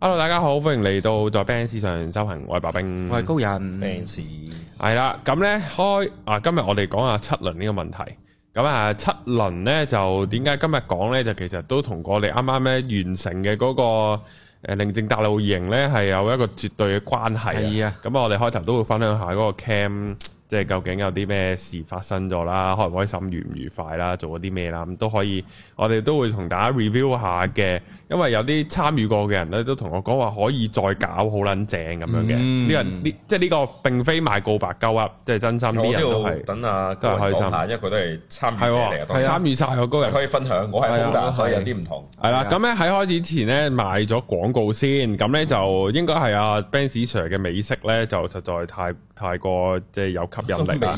hello，大家好，歡迎嚟到在 Benz 上修行，我係白冰，我係高人 Benz，係啦，咁咧開啊，今日我哋講下七輪呢個問題，咁啊七輪咧就點解今日講咧就其實都同我哋啱啱咧完成嘅嗰個誒寧靜大露營咧係有一個絕對嘅關係啊，咁啊我哋開頭都會分享下嗰個 cam。即係究竟有啲咩事發生咗啦，開唔開心、愉唔愉快啦，做咗啲咩啦，咁都可以，我哋都會同大家 review 下嘅。因為有啲參與過嘅人咧，都同我講話可以再搞好撚正咁樣嘅。呢人即係呢個並非賣告白鳩噏，即係真心啲人等啊，高人講下，因為佢都係參與者嚟嘅。參人，可以分享。我係好難，所以有啲唔同。係啦，咁咧喺開始前咧賣咗廣告先，咁咧就應該係阿 Benz Sir 嘅美色咧，就實在太太過即係有。吸引力啊！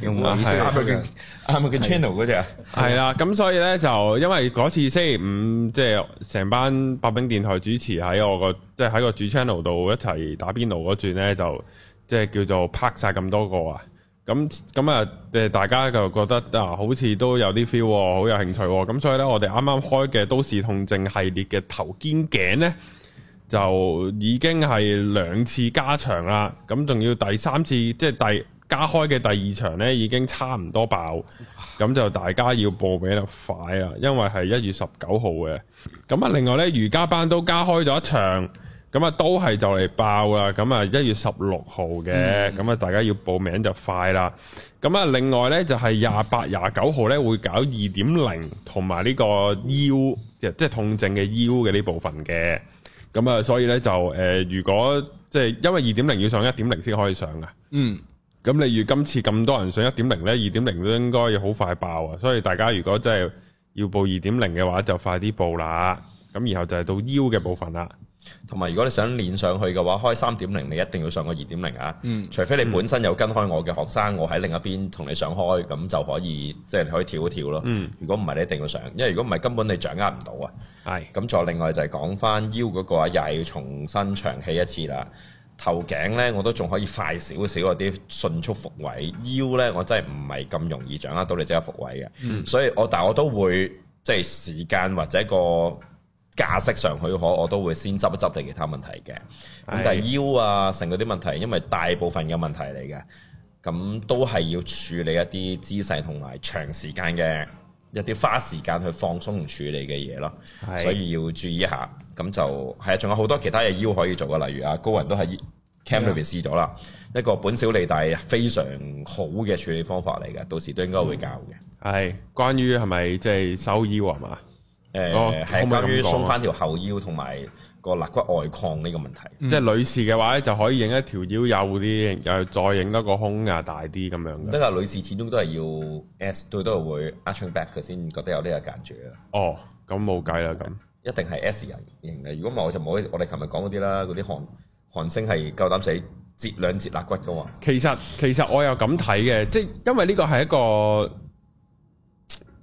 啱嘅，啊 er er、channel 嗰隻，係啦，咁所以咧就因為嗰次星期五，即係成班白兵電台主持喺我個，即係喺個主 channel 度一齊打邊爐嗰轉咧，就即係叫做拍晒咁多個啊！咁咁啊，誒，大家就覺得啊，好似都有啲 feel，好有興趣。咁所以咧，我哋啱啱開嘅都市痛症系列嘅頭肩頸咧，就已經係兩次加長啦。咁仲要第三次，即係第。加開嘅第二場呢，已經差唔多爆，咁就大家要報名就快啦，因為係一月十九號嘅。咁啊，另外呢，瑜伽班都加開咗一場，咁啊都係就嚟爆啦。咁啊一月十六號嘅，咁啊、嗯、大家要報名就快啦。咁啊另外呢，就係廿八、廿九號呢，會搞二點零同埋呢個腰，即係即痛症嘅腰嘅呢部分嘅。咁啊所以呢，就、呃、誒，如果即係、就是、因為二點零要上一點零先可以上嘅，嗯。咁例如今次咁多人上一點零呢，二點零都應該要好快爆啊！所以大家如果真係要報二點零嘅話，就快啲報啦。咁然後就係到腰嘅部分啦。同埋如果你想練上去嘅話，開三點零你一定要上個二點零啊。嗯。除非你本身有跟開我嘅學生，我喺另一邊同你上開，咁就可以即係你可以跳一跳咯。嗯。如果唔係，你一定要上，因為如果唔係根本你掌握唔到啊。係。咁再另外就係講翻腰嗰個啊，又係要重新長氣一次啦。頭頸呢，我都仲可以快少少嗰啲迅速復位，腰呢，我真係唔係咁容易掌握到你即刻復位嘅。嗯、所以我但係我都會即係時間或者個架式上許可，我都會先執一執你其他問題嘅。咁是但係腰啊成嗰啲問題，因為大部分嘅問題嚟嘅，咁都係要處理一啲姿勢同埋長時間嘅。一啲花時間去放鬆處理嘅嘢咯，是所以要注意一下。咁就係啊，仲有好多其他嘅腰可以做嘅，例如啊，高人都喺 camp 裏面試咗啦，的一個本小利大非常好嘅處理方法嚟嘅，到時都應該會教嘅。係、嗯、關於係咪即係收腰啊嘛？誒係、呃哦、關於鬆翻條後腰同埋。個肋骨外擴呢個問題，嗯、即係女士嘅話咧，就可以影一條腰幼啲，又再影多個胸啊大啲咁樣。即係、嗯、女士始終都係要 S，對都係會 arching back 嘅，佢先覺得有呢個間住啊。哦，咁冇計啦，咁樣一定係 S 人型嘅。如果唔係，我就唔可以我哋琴日講嗰啲啦。嗰啲韓韓星係夠膽死截兩截肋骨噶嘛。其實其實我又咁睇嘅，即係因為呢個係一個。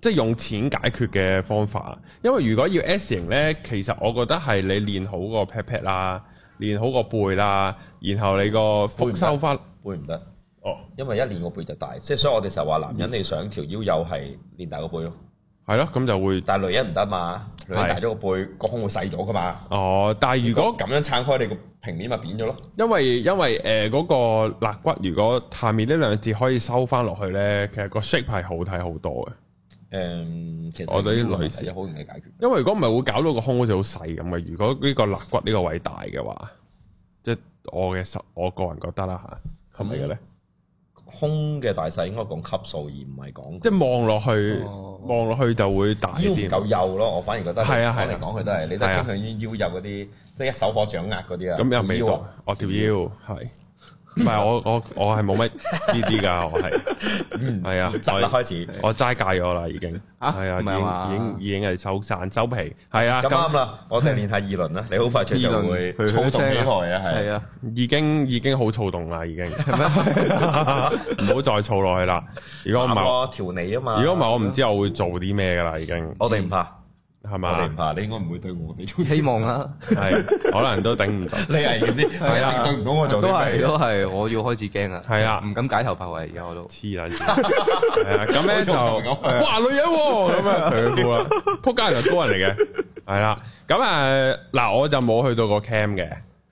即係用錢解決嘅方法，因為如果要 S 型咧，其實我覺得係你練好個 pat pat 啦，練好個背啦，然後你個腹收翻背唔得哦，因為一練個背就大，即係、嗯、所以我哋成日話男人你想條腰又係練大個背咯，係咯、嗯，咁就會，但係女人唔得嘛，女人大咗個背是個胸會細咗噶嘛，哦，但係如果咁樣撐開，你個平面咪扁咗咯，因為因為誒嗰個肋骨如果下面呢兩節可以收翻落去咧，其實個 shape 係好睇好多嘅。誒，其實我哋啲女士好容易解決，因為如果唔係會搞到個胸好似好細咁嘅。如果呢個肋骨呢個位大嘅話，即係我嘅實我個人覺得啦吓，係咪嘅咧？胸嘅大細應該講級數而唔係講，即係望落去，望落、哦、去就會大啲。腰唔夠幼咯，我反而覺得係啊係，講嚟講去都係，你都係傾向於腰幼嗰啲，啊、即係一手可掌握嗰啲啊。咁又未到，我條腰係。腰腰腰唔係我我我係冇乜呢啲噶，我係係啊，就一開始，我齋戒咗啦，已經係啊，已經已經係收山收皮，係啊，咁啱啦，我哋練下二輪啦，你好快脆就會躁動幾耐啊，係啊，已經已經好躁動啦，已經，唔好再躁落去啦。如果唔係我調理啊嘛，如果唔係我唔知我會做啲咩噶啦，已經。我哋唔怕。係嘛嗱，你應該唔會對我哋做希望啦，係可能都頂唔到。你係嗰啲係啊，頂唔到我做都係都係，我要開始驚啊！係啊，唔敢解頭髮圍，而家我都黐啦。係啊，咁咧就哇女人咁啊，長褲啊，仆街人就高人嚟嘅，係啦。咁啊嗱，我就冇去到個 cam 嘅，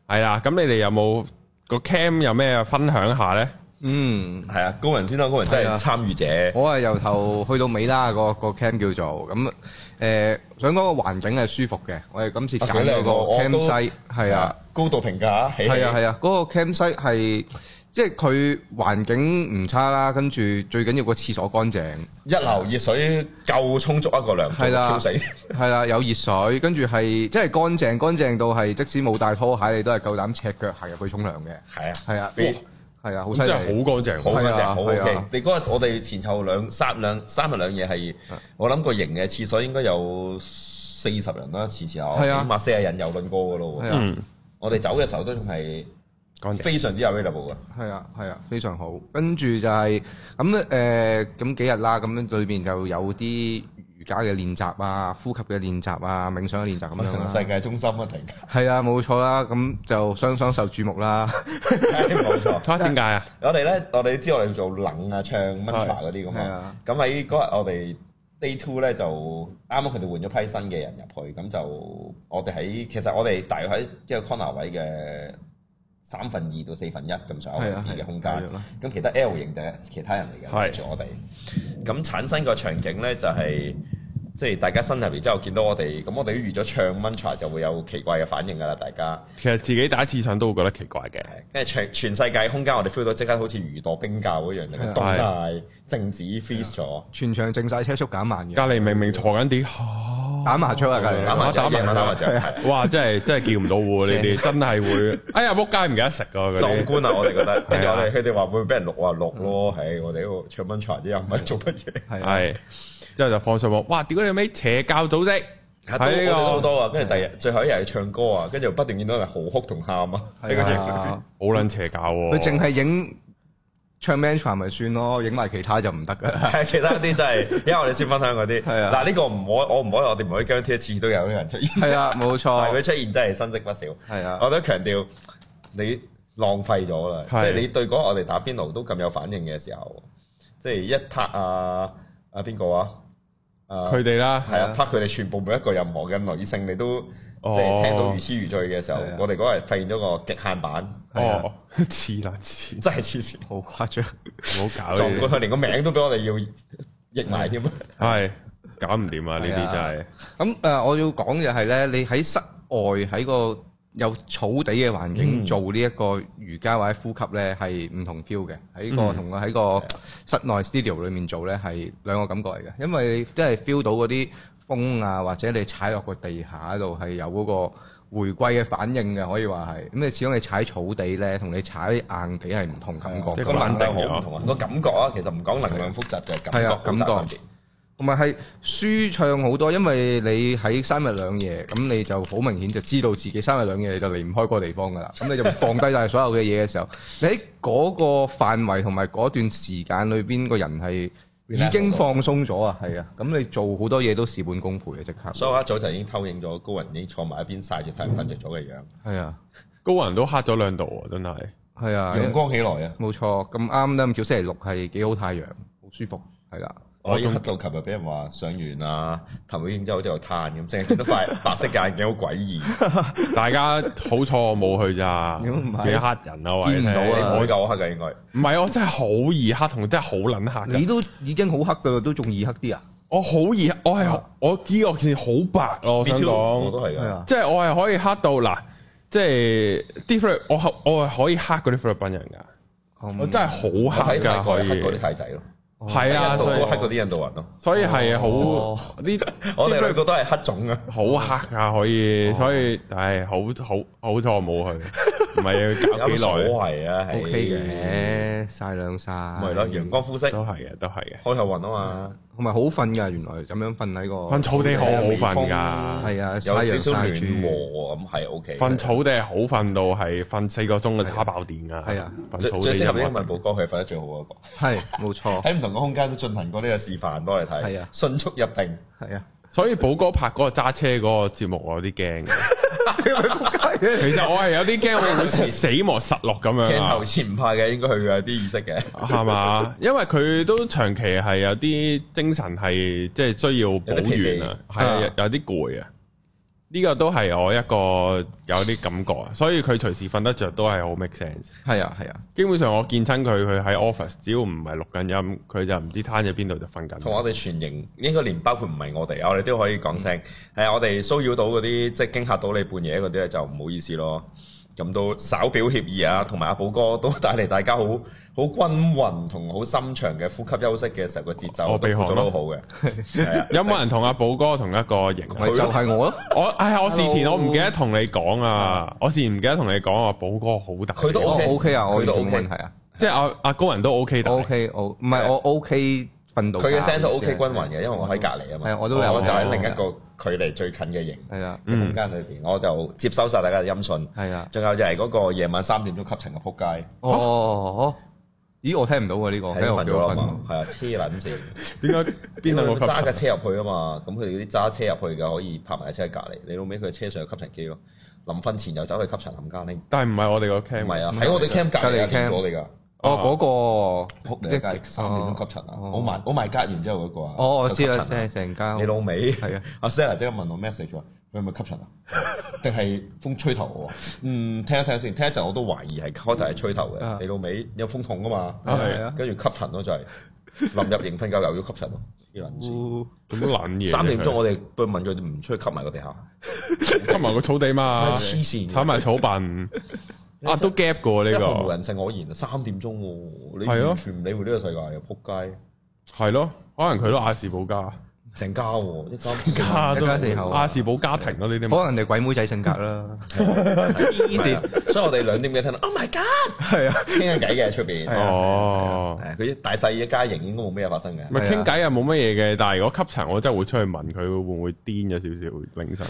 係啦。咁你哋有冇個 cam 有咩分享下咧？嗯，係啊，高人先啦，高人真係參與者。我係由頭去到尾啦，個個 cam 叫做咁。誒想講個環境係舒服嘅，我哋今次揀咗個 Cam 西，係啊，高度評價，係啊係啊，嗰、啊那個 Cam 西係即係佢環境唔差啦，跟住最緊要個廁所乾淨，一流熱水、嗯、夠充足一個涼，係啦，係啦、啊啊，有熱水，跟住係即係乾淨乾淨到係，即使冇帶拖鞋你都係夠膽赤腳行入去沖涼嘅，係啊，係啊。係啊，真係好乾淨，好乾淨，好 OK。你嗰日我哋前後兩三兩三日兩夜係，我諗個營嘅廁所應該有四十人啦，次次下，起碼四十人遊輪過噶咯喎。係啊，我哋走嘅時候都仲係非常之有 level 嘅。係啊，係啊，非常好。跟住就係咁誒，咁幾日啦？咁樣裏邊就有啲。瑜伽嘅練習啊，呼吸嘅練習啊，冥想嘅練習咁、啊、樣。變 成世界中心啊！停。係啊，冇錯啦，咁就雙雙受注目啦。冇錯。點解啊？那那我哋咧，我哋知我哋做冷啊、唱 mantra 嗰啲噶嘛。係啊，咁喺嗰日我哋 day two 咧就啱啱佢哋換咗批新嘅人入去，咁就我哋喺，其實我哋大約喺一個 corner 位嘅。三分二到四分一咁上有自己嘅空間，咁其他 L 型就係其他人嚟嘅，係住我哋。咁產生個場景咧，就係即係大家深入嚟之後，見到我哋。咁我哋預咗唱 mantra，就會有奇怪嘅反應㗎啦，大家。其實自己打次上都會覺得奇怪嘅。跟住全全世界空間，我哋 feel 到即刻好似如墮冰窖嗰樣嘢，凍曬，靜止 freeze 咗，全場靜晒，車速減慢嘅。隔離明明坐緊啲。打麻雀啊，隔籬打麻打麻雀，哇！真係真係叫唔到喎你哋，真係會哎呀，屋街唔記得食啊！壯觀啊，我哋覺得，即係佢哋話會俾人錄啊錄咯，係我哋呢度唱緊才之人唔係做乜嘢，係之後就放上網，哇！屌，解你咩邪教組織喺好多啊？跟住第日最後一日去唱歌啊，跟住不斷見到人嚎哭同喊啊，呢個嘢好撚邪教，佢淨係影。唱 Mantra 咪算咯，影埋其他就唔得㗎。係 其他啲真係，因為我哋先分享嗰啲。係 是啊，嗱呢個唔可，我唔可以，我哋唔可以驚，一次都有啲人出現。係啊，冇錯。佢出現真係生色不少。係是啊，我都強調你浪費咗啦，即係是、啊、你對嗰我哋打邊爐都咁有反應嘅時候，即、就、係、是、一拍啊啊邊個啊，啊佢哋啦，係啊們拍佢哋全部每一個任何嘅女性，你都即聽到如痴如醉嘅時候，哦、我哋嗰日發現咗個極限版。哦，黐線，真係黐線，好誇張，好搞！撞過佢，連個名都俾我哋要譯埋添。係搞唔掂啊！呢啲真係。咁誒，我要講嘅係咧，你喺室外喺個有草地嘅環境做呢一個瑜伽，或者呼吸咧，係唔同 feel 嘅。喺個同我喺個室內 studio 裏面做咧，係兩個感覺嚟嘅。因為真係 feel 到嗰啲風啊，或者你踩落個地下度係有嗰個。回歸嘅反應嘅可以話係，咁你始終你踩草地咧，同你踩硬地係唔同感覺。即係個穩定度唔同啊，個感覺啊，其實唔講能量複雜嘅的感，感覺，感覺同埋係舒暢好多，因為你喺三日兩夜，咁你就好明顯就知道自己三日兩夜就離唔開嗰個地方噶啦。咁你就放低晒所有嘅嘢嘅時候， 你喺嗰個範圍同埋嗰段時間裏邊個人係。已經放鬆咗啊，係啊，咁你做好多嘢都事半功倍啊！即刻，所以我一早就已經偷影咗高雲，已經坐埋一邊曬住太陽瞓着咗嘅樣。係啊，高雲都黑咗兩度啊，真係。係啊，陽光起耐起嚟啊？冇錯，咁啱啦，叫星期六係幾好太陽，好舒服，係啦、啊。我已經黑到、啊，琴日俾人話上完啦。譚偉英就好似有攤咁，成日見到塊白色眼鏡，好詭異。 大家好彩，我冇去咋，你黑人啊！見唔 到啊，唔可以夠黑嘅應該。唔係我真係好易黑，同真係好撚黑。你都已經好黑嘅啦，都仲易黑啲啊？我好易， 我係 B 2? 我知 我線好白咯，想講。我都係噶。即係我係可以黑到嗱，即係啲 i f 我我係可以黑嗰啲菲律賓人噶，嗯、真我真係好黑噶，嗰啲泰仔咯。係啊，所以黑過啲印度人咯，所以係啊，好呢些，我哋兩個都係黑種啊， 好黑啊，可以，哦、所以唉，好好好彩我冇去。 唔係要搞幾耐？無所謂啊，OK 嘅晒兩晒，係咯陽光膚色都係嘅，都係嘅。開頭暈啊嘛，同埋好瞓噶，原來咁樣瞓喺個瞓草地好好瞓噶，係啊，有少少暖和咁係 OK。瞓草地係好瞓到係瞓四個鐘嘅叉爆電噶，係啊。瞓最適合我問寶哥佢瞓得最好嗰個，係冇錯。喺唔同嘅空間都進行過呢個示範幫你睇，係啊，迅速入定，係啊。所以寶哥拍嗰個揸車嗰個節目我有啲驚。 其實我係有啲驚，好似死磨實錄咁樣啊！鏡頭前拍嘅，應該佢有啲意識嘅，係嘛？因為佢都長期係有啲精神係，即係需要補元啊，係有啲攰啊。呢個都係我一個有啲感覺啊，所以佢隨時瞓得着都係好 make sense。係啊係啊，啊基本上我見親佢，佢喺 office，只要唔係錄緊音，佢就唔知攤喺邊度就瞓緊。同我哋全營應該連包括唔係我哋，我哋都可以講聲。係、嗯、我哋騷擾到嗰啲，即係驚嚇到你半夜嗰啲咧，就唔好意思咯。咁都稍表歉意啊，同埋阿寶哥都帶嚟大家好好均勻同好深長嘅呼吸休息嘅時候，個節奏我都做得好嘅。有冇人同阿寶哥同一個型？咪就係我啊！我係我事前我唔記得同你講啊，我事前唔記得同你講啊，寶哥好大。佢都 O K 啊，我呢度 O K 係啊，即係阿阿高人都 O K 到。O K O 唔係我 O K 瞓到。佢嘅聲都 O K 均勻嘅，因為我喺隔籬啊嘛。我都係，我就喺另一個。距離最近嘅營，係啊，空間裏邊，我就接收晒大家嘅音訊，係啊，仲有就係嗰個夜晚三點鐘吸塵嘅撲街，哦，咦，我聽唔到喎呢個，喺我哋係啊，車輪聲，點解？邊度揸架車入去啊嘛，咁佢哋嗰啲揸車入去嘅可以泊埋車隔離，你老尾佢車上有吸塵機咯，臨瞓前又走去吸塵臨家拎，但係唔係我哋個 camp，唔係啊，喺我哋 camp 隔離啊，蘋果嚟㗎。哦，嗰個仆你家三點鐘吸塵啊，Oh my Oh my God 完之後嗰個啊，哦，我知啦，成間。你老尾係啊？阿 Sarah 即刻問我 message 話：佢係咪吸塵啊？定係風吹頭？嗯，聽一聽先，聽一陣我都懷疑係開頭係吹頭嘅。你老尾有風筒㗎嘛？係啊，跟住吸塵咯，就係臨入營瞓覺又要吸塵咯，要卵住。咁卵嘢！三點鐘我哋會問佢唔出去吸埋個地下，吸埋個草地嘛？黐線！踩埋草笨。啊，就是、都 gap 過呢個，無人性可言啊！三點鐘喎，啊，是的 你完全唔理會呢個世界嘅，仆街！係咯，可能佢都亞視保家。成家喎，一家都係四口，阿士寶家庭咯，呢啲可能人哋鬼妹仔性格啦，癲，所以我哋兩點幾聽到，Oh my God，係啊，傾緊偈嘅出邊。哦，佢啲大細嘅家型，應該冇咩嘢發生嘅。咪傾偈又冇乜嘢嘅，但係如果吸塵，我真係會出去問佢會唔會癲咗少少，凌晨。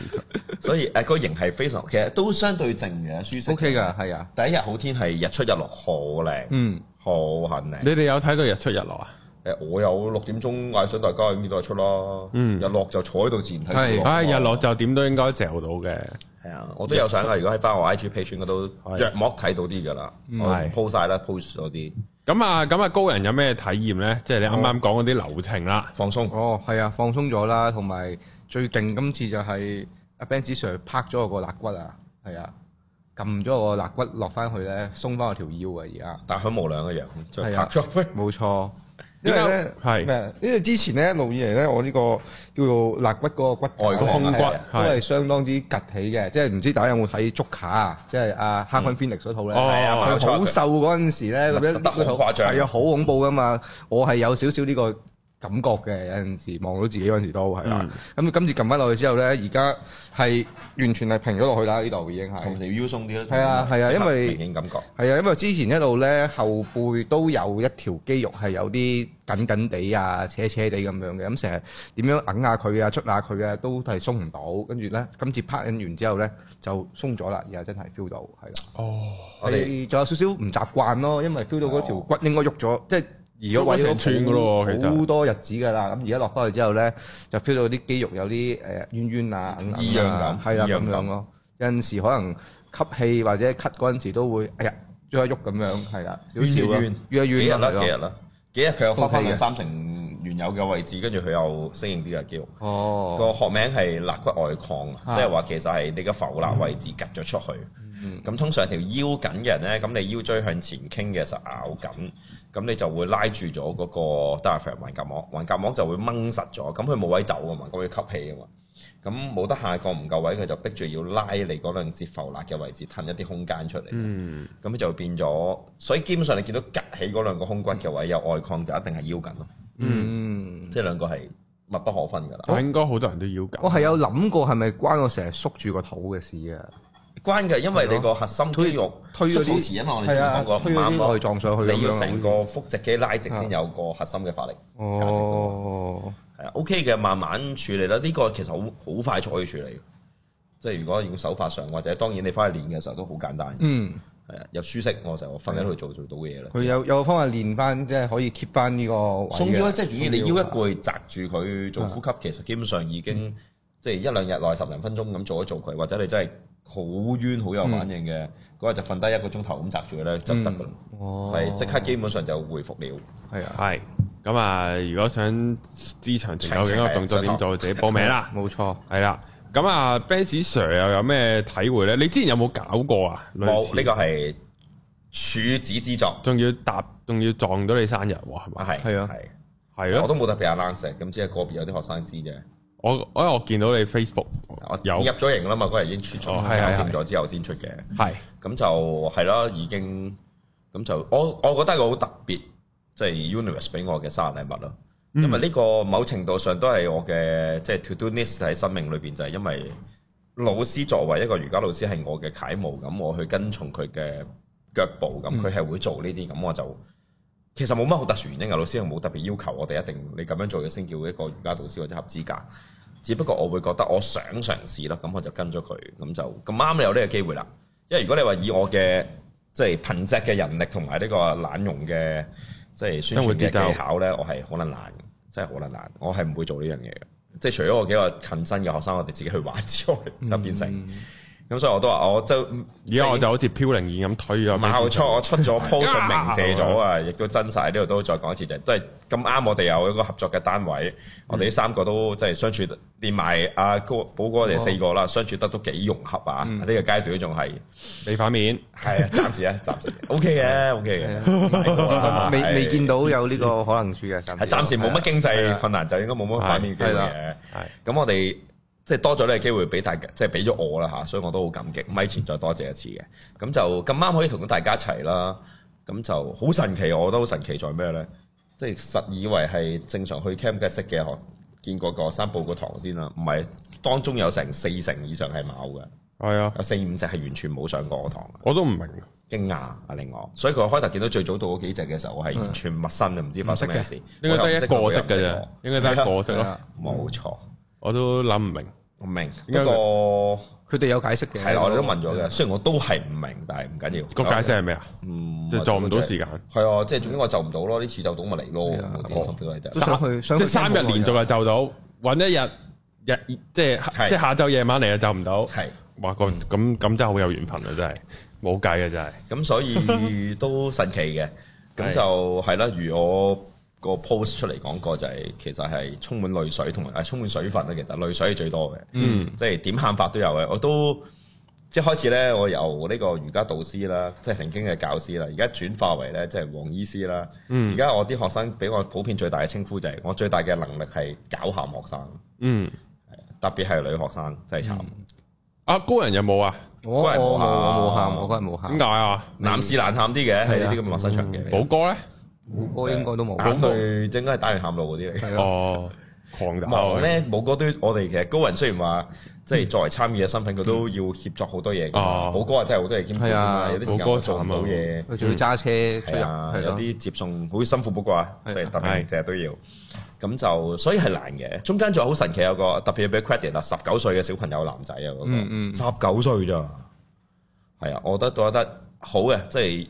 所以誒，個型係非常，其實都相對靜嘅，舒適。O K 噶，係啊，第一日好天，係日出日落好靚，嗯，好靚。你哋有睇到日出日落啊？誒，我有六點鐘嗌醒大家，點都係出啦。嗯，日落就坐喺度自然睇日落。係，日落就點都應該嚼到嘅。係啊，我都有想啊。如果喺翻我 IG page，應該都弱摸睇到啲㗎啦。我 post 曬啦，post 咗啲。咁啊，咁啊，高人有咩體驗咧？即係你啱啱講嗰啲流程啦、哦，放鬆。哦，係啊，放鬆咗啦，同埋最勁今次就係阿 Benz Sir 拍咗個肋骨啊，係、就是、啊，撳咗個肋骨落翻去咧，鬆翻我條腰啊，而家。但係佢無兩個樣，再拍咗。冇錯。 因為咧係咩？為因為之前咧，一路以嚟咧，我呢、呢個叫做肋骨嗰個骨外、哦、胸骨，都係相當之凸起嘅，即係唔知大家有冇睇《竹卡？啊、嗯》即，即係阿 Joaquin Phoenix 嗰套咧，係啊是，好、嗯、瘦嗰陣時咧，咁樣得好誇張，係啊，好恐怖噶嘛，我係有少少呢個。感覺嘅有陣時望到自己嗰陣時都係啦。咁今次撳翻落去之後咧，而家係完全係平咗落去啦。呢度已經係同時要鬆啲啦。係啊，係啊，因為明顯感覺係啊，因為之前一路咧後背都有一條肌肉係有啲緊緊地啊、扯扯地咁樣嘅。咁成日點樣揞下佢啊、捽下佢啊，都係鬆唔到。跟住咧，今次拍 a 完之後咧就鬆咗啦。而家真係 feel 到係啦。啊、哦，我哋仲有少少唔習慣咯，因為 feel 到嗰條骨、哦、應該喐咗，即係。而家位咗穿噶咯，其實好多日子噶啦。咁而家落翻去之後咧，就 feel 到啲肌肉有啲誒冤冤啊、硬硬啊、硬硬咁咯。有陣時可能吸氣或者咳嗰陣時都會，哎呀，喐一喐咁樣，係啦，少少。幾日啦？幾日啦？幾日佢又放翻去三成原有嘅位置，跟住佢又適應啲嘅肌肉。哦。個學名係肋骨外擴，即係話其實係你嘅浮肋位置趌咗出去。咁、嗯、通常條腰緊嘅人咧，咁你腰椎向前傾嘅就咬緊。咁你就會拉住咗嗰個 diaphragm 橫膈膜，橫膈膜就會掹實咗，咁佢冇位走啊嘛，咁要吸氣啊嘛，咁冇得下降，唔夠位佢就逼住要拉你嗰兩支浮肋嘅位置，騰一啲空間出嚟，咁、嗯、就變咗。所以基本上你見到趌起嗰兩個胸骨嘅位有外擴，就一定係腰緊咯。嗯、嗯，即係兩個係密不可分㗎啦。我應該好多人都腰緊、哦。我係有諗過係咪關我成日縮住個肚嘅事啊？關嘅，因為你個核心肌肉能能推嗰啲，縮保持啊嘛。我哋之前講過，去撞上去，你要成個腹直肌拉直先有個核心嘅發力。哦，係啊、哦、OK 嘅，慢慢處理啦。呢、這個其實好好快速可以處理，即係如果用手法上，或者當然你翻去練嘅時候都好簡單。嗯，係啊，又舒適我，我就瞓喺度做做到嘢啦。佢、嗯、有有方法練翻，即、就、係、是、可以 keep 翻呢個。鬆腰即係你腰一個去擸住佢做呼吸，其實基本上已經即係、嗯、一兩日內十零分鐘咁做一做佢，或者你真係。好冤，好有反應嘅嗰日就瞓低一個鐘頭咁擲住佢咧，就得噶啦，係即、嗯、刻基本上就恢復了。係啊，係咁啊，如果想知詳情，究竟個動作點做，自己報名啦。冇的錯，係啦。咁啊 Benz Sir 又有咩體會咧？你之前有冇搞過啊？冇呢個係處子之作，仲要搭，仲要撞到你生日，係咪？係係啊，係係啊，我都冇特別硬食，咁只係個別有啲學生知嘅。我哎，我見到你 Facebook，有我有入咗營啦嘛，嗰日已經出咗，結咗之後先出嘅。係咁是就係咯，已經咁就我我覺得係個好特別，即、就、係、是、Universe 俾我嘅生日禮物咯。嗯、因為呢個某程度上都係我嘅即係 to do list 喺生命裏邊，就係、是、因為老師作為一個瑜伽老師係我嘅楷模，咁我去跟從佢嘅腳步，咁佢係會做呢啲，咁、嗯、我就其實冇乜好特殊原因。因老師又冇特別要求我哋一定你咁樣做嘅先叫一個瑜伽老師或者合資格。只不過我會覺得我想嘗試啦，咁我就跟咗佢，咁就咁啱有呢個機會啦。因為如果你話以我嘅即係貧瘠嘅人力同埋呢個懶容嘅即係宣傳嘅技巧呢，我係可能難，真係可能難。我係唔會做呢樣嘢，即係除咗我幾個近身嘅學生我哋自己去玩之外，就、嗯、變成。咁所以我都話，我都，而家我就好似飄零燕咁推咗。冇錯我出咗 post 鳴謝咗啊，亦都真晒。呢度都再講一次，就都係咁啱。我哋有一個合作嘅單位，我哋呢三個都即係相處，連埋阿哥，寶哥我哋四個啦，相處得都幾融合啊。呢個階段仲係未反面，係暫時啊，暫時。O K 嘅，O K 嘅，未未見到有呢個可能輸嘅，係暫時冇乜經濟困難，就應該冇乜反面嘅係咁，我哋。即係多咗呢個機會俾大家，即係俾咗我啦嚇，所以我都好感激。咪前再多謝一次嘅，咁就咁啱可以同大家一齊啦。咁就好神奇，我都好神奇，在咩咧？即係實以為係正常去 camp 嘅識嘅學見過個生報過堂先啊，唔係當中有成四成以上係冇嘅。係啊，有四五隻係完全冇上過我堂。我都唔明，驚訝啊！另外，所以佢開頭見到最早到嗰幾隻嘅時候，我係完全陌生嘅，唔知發生咩事。應該得一個質啫，應該得一個質咯，冇錯。我都諗唔明，我明。呢個佢哋有解釋嘅，係啦，我哋都問咗嘅。雖然我都係唔明，但係唔緊要。個解釋係咩啊？嗯，即係做唔到時間。係啊，即係總之我就唔到咯。呢次就到咪嚟咯。咁即係三日連續就就到，揾一日日即係即係下晝夜晚嚟啊，就唔到。係。哇！咁咁咁真係好有緣分啊！真係冇計啊！真係。咁所以都神奇嘅。咁就係啦，如我。個 post 出嚟講過就係其實係充滿淚水同埋、啊、充滿水分。咧，其實淚水係最多嘅。嗯，即係點喊法都有嘅。我都一開始咧，我由呢個瑜伽導師啦，即係曾經嘅教師啦，而家轉化為咧，即係黃醫師啦。嗯，而家我啲學生俾我普遍最大嘅稱呼就係我最大嘅能力係搞喊學生。嗯，特別係女學生真係慘。阿高人有冇啊？高人冇喊，冇喊，冇喊，冇喊。點解啊？男士難喊啲嘅喺呢啲咁嘅陌生場嘅。寶哥咧？冇哥應該都冇，咁對應該係打完喊路嗰啲嚟。哦，狂嘅、嗯。冇咧、嗯，冇哥都我哋其實高人雖然話，即係作為參與嘅身份，佢都要協作好多嘢嘅。冇、嗯、哥，哥啊，真係好多嘢兼顧啊，有啲時間做唔到嘢，佢仲要揸車。係啊，有啲接送好辛苦，不過即係特別成日都要，咁就、啊、所以係、啊、難嘅。中間仲有好神奇有個特別要俾 credit 啦，十九歲嘅小朋友男仔啊，嗰、那個。嗯嗯。十九歲咋？係啊，我覺得都覺，覺，覺得好嘅，即係。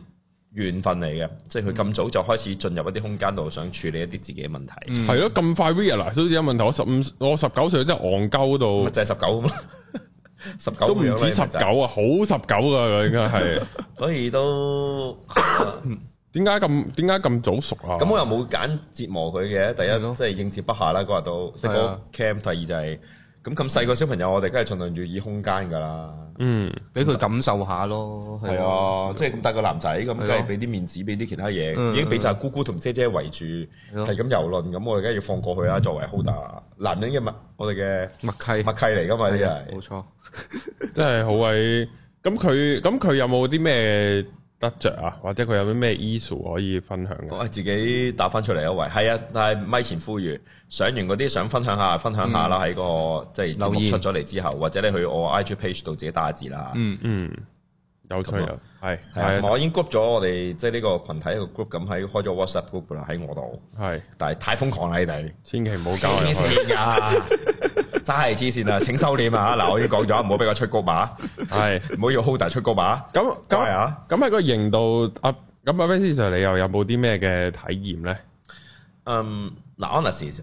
緣分嚟嘅，即係佢咁早就開始進入一啲空間度，想處理一啲自己嘅問題。嗯，係咯，咁快 real 嗱，所以有問題。我十五，我十九歲真係戇鳩到，就係十九咁啦，十九都唔止十九啊，好十九㗎，應該係。所以都點解咁點解咁早熟啊？咁我又冇揀折磨佢嘅，第一即係應接不暇啦，嗰日都，即係 camp。第二就係。咁咁細個小朋友，我哋梗係盡量預意空間噶啦，嗯，俾佢感受下咯，係啊，嗯、即係咁大個男仔咁，梗係俾啲面子，俾啲其他嘢，嗯、已經俾就姑姑同姐姐圍住，係咁遊輪咁，我哋梗係要放過去啦。嗯、作為 holder 男人嘅物，我哋嘅默契默契嚟噶嘛，呢個冇錯 真，真係好鬼。咁佢咁佢有冇啲咩？得着啊，或者佢有啲咩 issue 可以分享？我自己打翻出嚟一位，係啊，但係咪前呼籲，上完嗰啲想分享下，分享下啦，喺個即係節目出咗嚟之後，或者你去我 IG page 度自己打字啦。嗯嗯，有趣啊，係係我已經 group 咗我哋即係呢個群體一個 group 咁喺開咗 WhatsApp group 啦，喺我度。係，但係太瘋狂啦你哋，千祈唔好交錢噶。真係黐線啊，請收斂啊！嗱， 我已經講咗，唔好俾佢出谷嘛，係唔好要 hold 大出谷嘛。咁咁那啊，咁喺、那個營度啊，咁阿 Benz Sir 你又有冇啲咩嘅體驗咧？嗯，嗱，Anas，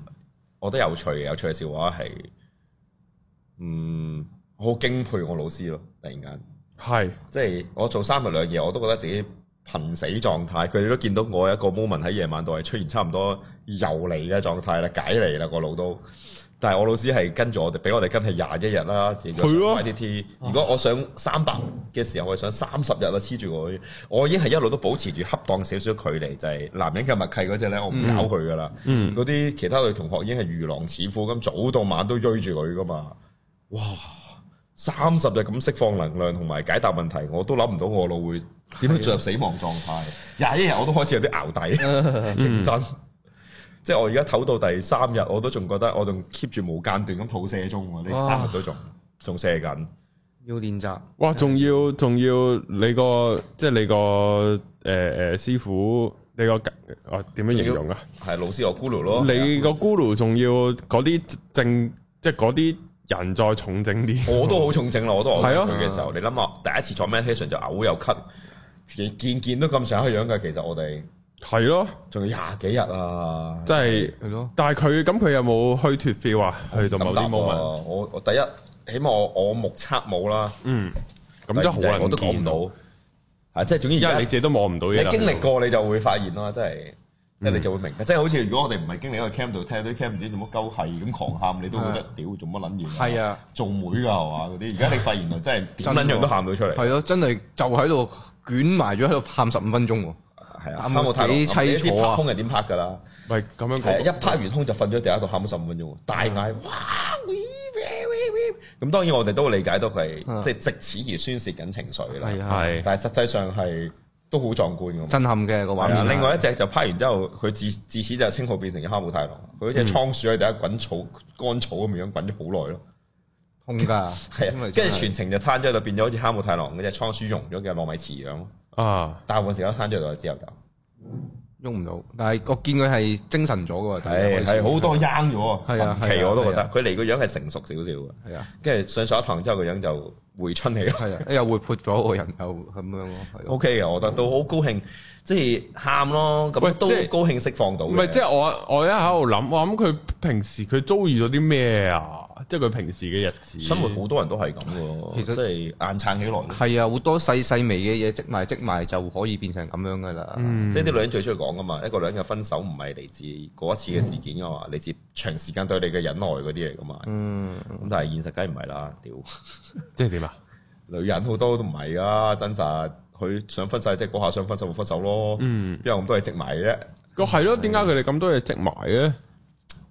我覺得有趣嘅有趣嘅笑話係，嗯，好敬佩我老師咯。突然間，係是，即係我做三日兩夜，我都覺得自己瀕死狀態。佢哋都見到我一個 moment 喺夜晚度係出現差唔多游離嘅狀態啦，解離啦，個腦都。但係我老師係跟住我哋，俾我哋跟係廿一日啦。上 T，如果我想三百嘅時候，我係想三十日啦。黐住佢。我已經係一路都保持住恰當少少距離，就係、是、男人嘅默契嗰隻咧，我唔搞佢㗎啦。嗯，嗰啲其他女同學已經係如狼似虎咁，早到晚都追住佢㗎嘛。哇！三十日咁釋放能量同埋解答問題，我都諗唔到我老會點樣進入死亡狀態。廿一是日我都開始有啲淆底，認、嗯、 真。嗯即係我而家唞到第三日，我都仲覺得我仲 keep 住冇間斷咁吐射中喎，呢三日都仲仲哇 射緊，要練習。哇，仲要仲要，要你個即係你個誒誒師傅，你個哦點、啊、樣形容啊？係老師，我咕 u r 咯。你個咕 u 仲要嗰啲正，即係嗰啲人再重整啲，我都好重整咯。我都我入去嘅時候，你諗下，第一次坐 m a i n t e n n 就嘔又咳，件件都咁想去樣嘅。其實我哋。係咯，仲有廿幾日啊！真係係咯，但係佢咁佢有冇虛脫 feel 啊？去到某啲 moment，我我第一，起碼我我目測冇啦。嗯，咁即係我都見唔到啊！即係，總之而家你自己都望唔到嘢。你經歷過，你就會發現咯，真係，即係你就會明白。即係好似如果我哋唔係經歷喺個 cam 度聽，都啲 cam 唔知做乜鳩係咁狂喊，你都覺得屌做乜撚嘢？係啊，做妹噶係嘛？嗰啲而家你發現就真係點蚊樣都喊到出嚟。係咯，真係就喺度捲埋咗喺度喊十五分鐘。係啊，哈姆太郎悽苦空係點拍㗎啦？咪咁樣係，啊、一拍完空就瞓咗喺地下度喊十五分鐘。大嗌的哇！咁當然我哋都理解到佢係即係藉此而宣泄緊情緒啦。係的但係實際上係都好壯觀嘅，震撼嘅個畫面。另外一隻就拍完之後，佢自自此就稱號變成哈姆太郎。佢嗰隻倉鼠喺地下滾草乾草咁樣滾咗好耐咯。空㗎、嗯，係跟住全程就攤咗喺度，變咗好似哈姆太郎，嗰隻倉鼠溶咗嘅糯米糍樣。啊！但係大部分時間攤咗落去，之後就喐唔到。但係我見佢係精神咗嘅，係係好多 young 咗，神奇我都覺得。佢嚟個樣係成熟少少嘅，係啊。跟住上咗一堂之後個樣就回春嚟係啊，又活潑咗個人又咁樣咯。O K 嘅，我覺得都好高興，即係喊咯。咁都高興釋放到。唔係，即係我我一喺度諗，我諗佢平時佢遭遇咗啲咩啊？即係佢平時嘅日子，生活好多人都係咁嘅，其實硬撐起來。係啊，好多細細微嘅嘢積埋積埋就可以變成咁樣噶啦。即係啲女人最出去講噶嘛，一個女人嘅分手唔係嚟自嗰一次嘅事件噶嘛，嚟自長時間對你嘅忍耐嗰啲嚟噶嘛。咁但係現實梗係唔係啦，屌，即係點啊？女人好多都唔係噶，真實佢想分手即係嗰下想分手就分手咯。邊有咁多嘢積埋啫？咁係咯，點解佢哋咁多嘢積埋咧？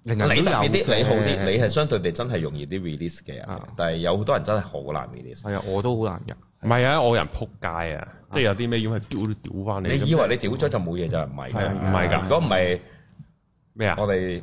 你特別啲，人人你好啲，啊、你係相對地真係容易啲 release 嘅啊！但係有好多人真係好難 release。係啊，我都好難入。唔係啊，我人撲街啊，啊即係有啲咩嘢要係屌都屌翻你。你以為你屌咗就冇嘢就係唔係？唔係㗎，如果唔係咩啊？我哋。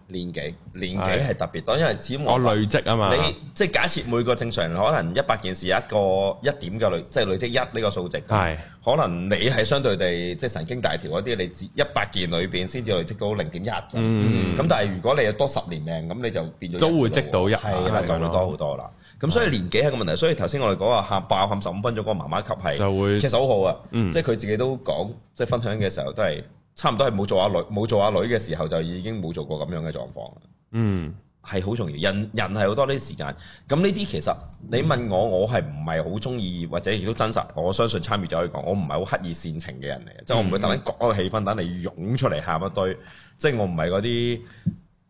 年紀年紀係特別多，因為始終我，我累積啊嘛。你即係假設每個正常人可能一百件事有一個一點嘅累，即係累積一呢個數值。係是可能你係相對地即係神經大條嗰啲，你一百件裏邊先至累積到零點一。嗯嗯，咁但係如果你有多十年命，咁你就變咗都會積到一，因為，就會多好多啦。咁的所以年紀係個問題。所以頭先我哋講啊，爆喊十五分鐘嗰個媽媽級係，就會其實好好啊。即係佢自己都講，即係分享嘅時候都係。差唔多係冇做阿女冇做阿女嘅時候，就已經冇做過咁樣嘅狀況。嗯，係好重要。人人係好多呢啲時間。咁呢啲其實你問我，我係唔係好鍾意或者亦都真實？我相信參與者可以講，我唔係好刻意煽情嘅人嚟，即係、嗯、我唔會等緊個氣氛等你湧出嚟喊一堆，即係我唔係嗰啲。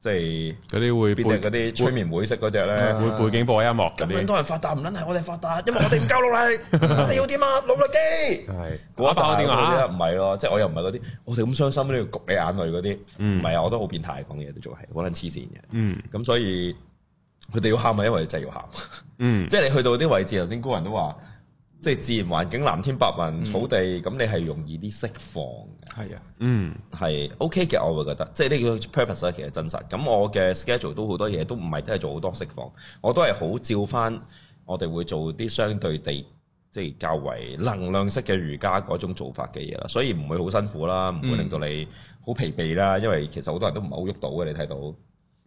即係嗰啲會變，嗰啲催眠會式嗰隻咧，啊、會背景播音樂咁樣，多人發達唔撚係我哋發達，因為我哋唔夠努力， 我哋要點啊，努力啲。係嗰一集點啊？唔係 咯，即係我又唔係嗰啲，我哋咁傷心呢要焗你眼淚嗰啲，唔係啊，我都好變態講嘢都做係，好撚黐線嘅。嗯，咁所以佢哋要喊係因為真係要喊。 嗯，即係你去到啲位置，頭先高人都話。即係自然環境，藍天白雲、草地，咁、嗯、你係容易啲釋放嘅。係啊，嗯，係 OK 嘅，我會覺得，即係呢個 purpose 其實真實。咁我嘅 schedule 都好多嘢，都唔係真係做好多釋放，我都係好照翻。我哋會做啲相對地，即係較為能量式嘅瑜伽嗰種做法嘅嘢啦，所以唔會好辛苦啦，唔會令到你好疲憊啦。嗯、因為其實好多人都唔係好喐到嘅，你睇到。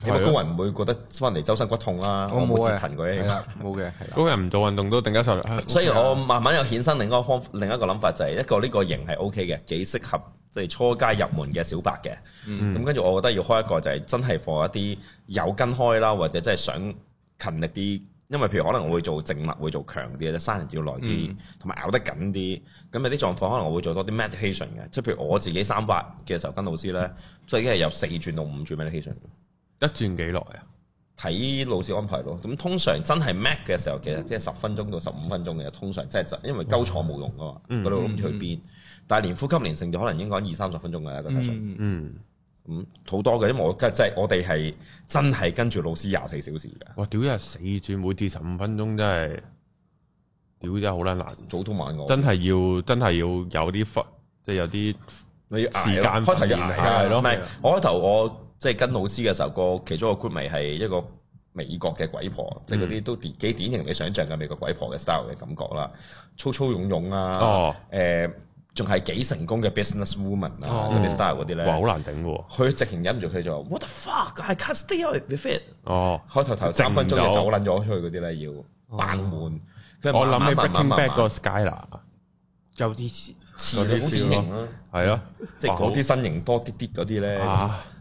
你咪高人唔會覺得翻嚟周身骨痛啦，我冇啊，冇嘅、啊，係高人唔做運動都突然受力，啊、所以，我慢慢又衍生另一個方、另一個諗法就個個、OK，就係一個呢個型係 O K 嘅，幾適合即係初階入門嘅小白嘅。咁跟住，我覺得要開一個就係真係放一啲有跟開啦，或者真係想勤力啲。因為譬如可能我會做靜脈，會做強啲嘅，三日要耐啲，同埋、嗯、咬得緊啲。咁有啲狀況，可能我會做多啲 meditation 嘅，即、就、係、是、譬如我自己三八嘅時候跟老師咧，嗯、所以已經係有四轉到五轉 meditation。一轉幾耐啊？睇老師安排咯。咁通常真係 max 嘅時候，其實即係十分鐘到十五分鐘嘅。通常即係，因為鳩坐冇用噶嘛，嗰度諗住去邊。但係連呼吸連性就可能應該二三十分鐘嘅一個時辰。嗯，咁好多嘅，因為我即係我哋係真係跟住老師廿四小時嘅。哇！屌，一日四轉，每次十五分鐘，真係，屌真係好難難。早通晚我真係要，真係要有啲分，即係有啲你要時間訓練係咯。我頭我。即係跟老師嘅時候，其中一個 group 咪係一個美國嘅鬼婆，即係嗰啲都幾典型你想象嘅美國鬼婆嘅 style 嘅感覺啦，粗粗湧湧啊，誒仲係幾成功嘅 business woman 啊，style 嗰啲咧，哇好難頂喎！佢直情忍唔住佢就話：What the fuck！I can't stay on the fit。哦，開頭頭三分鐘就走撚咗出去嗰啲咧，要扮門。我諗起 Breaking Bad 個 Skyler，有啲似似嗰啲身形咯，係即係啲身形多啲啲啲咧。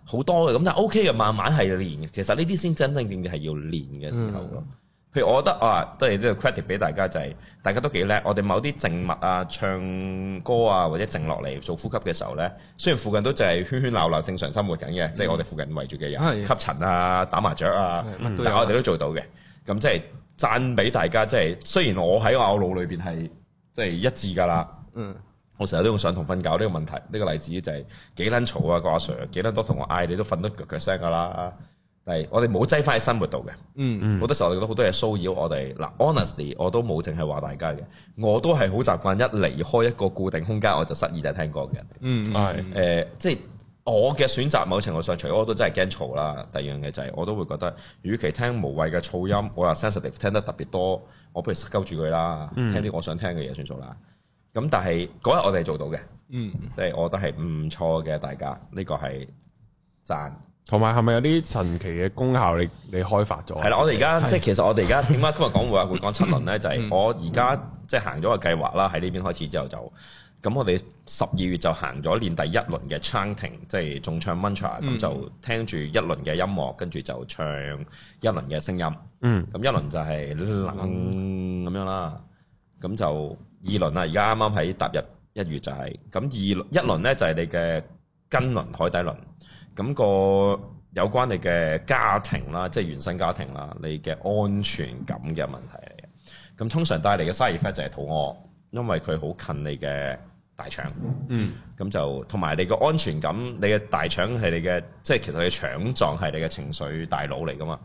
好多嘅咁就 O K 嘅，慢慢係練其實呢啲先真真正正嘅係要練嘅時候咯。嗯、譬如我覺得啊，都係呢個 credit 俾大家就係、是、大家都幾叻。我哋某啲靜物啊、唱歌啊或者靜落嚟做呼吸嘅時候咧，雖然附近都就係喧喧鬧鬧正常生活緊嘅，嗯、即係我哋附近圍住嘅人的吸塵啊、打麻雀啊，但係我哋都做到嘅。咁即係讚俾大家，即、就、係、是、雖然我喺我腦裏邊係即係一致㗎喇。嗯。我成日都用上同瞓覺呢個問題，呢、呢個例子就係幾撚嘈啊個阿 Sir，幾撚多同學嗌你都瞓得腳腳聲噶啦。但係我哋冇擠翻喺生活度嘅，好、嗯嗯、多時候我覺得好多嘢騷擾我哋。嗱、嗯、，honestly 我都冇淨係話大家嘅，我都係好習慣一離開一個固定空間我就失意就係聽歌嘅人、嗯。嗯，係、呃，誒，即係我嘅選擇某程度上除咗我都真係驚嘈啦。第二樣嘅就係、是、我都會覺得，與其聽無謂嘅噪音，我話 sensitive 聽得特別多，我不如收住佢啦，聽啲我想聽嘅嘢算數啦。嗯咁但係嗰日我哋做到嘅，嗯，即係我覺得係唔錯嘅，大家呢、這個係讚，同埋係咪有啲神奇嘅功效你？你你開發咗？係啦，我哋而家即係其實我哋而家點解今日講會話會講七輪咧？就係、是、我而家即係行咗個計劃啦，喺呢邊開始之後就咁，我哋十二月就行咗練第一輪嘅 chanting，即係仲唱 mantra 咁就聽住一輪嘅音樂，跟住就唱一輪嘅聲音，嗯，咁一輪就係冷咁樣啦，咁就。二輪啊，而家啱啱喺踏入一月就係。咁二一輪咧就係你嘅根輪海底輪，咁個有關你嘅家庭啦，即係原生家庭啦，你嘅安全感嘅問題嚟嘅。咁通常帶嚟嘅 side effect 就係肚痾，因為佢好近你嘅大腸，嗯，咁就同埋你嘅安全感，你嘅大腸係你嘅，即係其實你嘅腸臟係你嘅情緒大腦嚟噶嘛，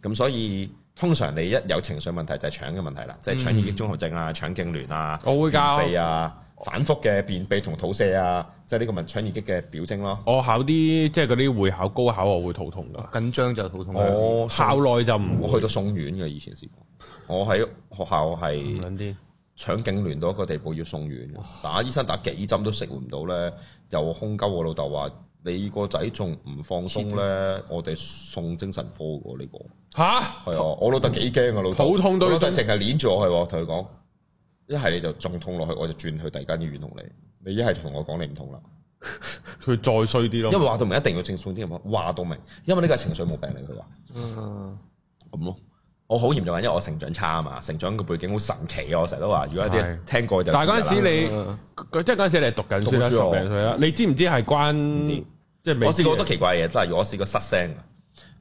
咁所以。通常你一有情緒問題就係腸嘅問題啦，即係、嗯、腸易激綜合症啊、腸痙攣啊、我會便秘啊、反覆嘅便秘同吐瀉啊，即係呢個咪腸易激嘅表徵咯。我考啲即係嗰啲會考、高考，我會肚痛嘅。緊張就肚痛。我校內就唔會去到送院嘅，以前試過。我喺學校係兩啲腸痙攣到一個地步要送院， 打醫生打幾針都食唔到咧，又空鳩我老豆話。你個仔仲唔放鬆咧？我哋送精神科嘅呢、這個吓？係啊！我老豆幾驚啊！老豆痛，我老豆淨係攆住我去喎，同佢講：一係你就仲痛落去，我就轉去第二間醫院同你。你一係同我講你唔痛啦，佢 再衰啲咯。因為話到明一定要正統啲嘅話，話到明，因為呢個係情緒冇病嚟，佢話嗯咁咯。我好嚴重嘅，因為我成長差啊嘛，成長嘅背景好神奇啊！我成日都話，如果一啲聽過就。是但係嗰陣時你，佢即係嗰陣時你係、嗯、讀緊書啦，病書。十零歲你知唔知係關？即我試過好多奇怪嘅嘢，真、就、係、是、如果我試過失聲。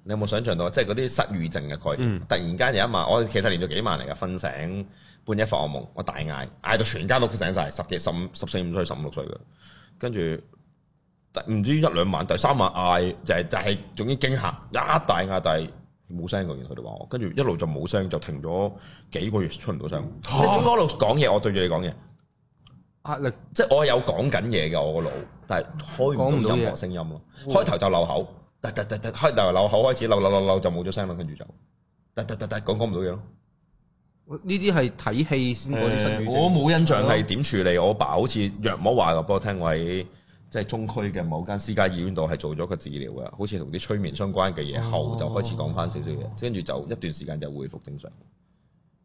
你有冇想像到？即係嗰啲失語症嘅概念，嗯、突然間有一晚，我其實連咗幾晚嚟嘅，瞓醒半夜發噩夢，我大嗌嗌到全家都醒晒，十幾、十五、十四、五歲、十五、十六歲嘅，跟住唔知一兩晚第三晚嗌，就係、是、就係、是、總之驚嚇，一大嗌但係冇聲嘅，然佢哋話我，跟住一路就冇聲，就停咗幾個月出唔到聲。啊、即係我一路講嘢，我對住你講嘢。即係我有講緊嘢嘅我個腦，但係開唔到任何聲音咯。開頭就漏口，突突突突，開頭漏口開始漏漏漏漏，就冇咗聲啦，跟住就突突突突，講講唔到嘢咯。呢啲係睇戲先嗰啲。嗯、我冇印象係點處理，我爸好似約莫話嘅，不過聽我喺即係中區嘅某間私家醫院度係做咗個治療嘅，好似同啲催眠相關嘅嘢，後就開始講翻少少嘢，跟住、哦、就一段時間就恢復正常。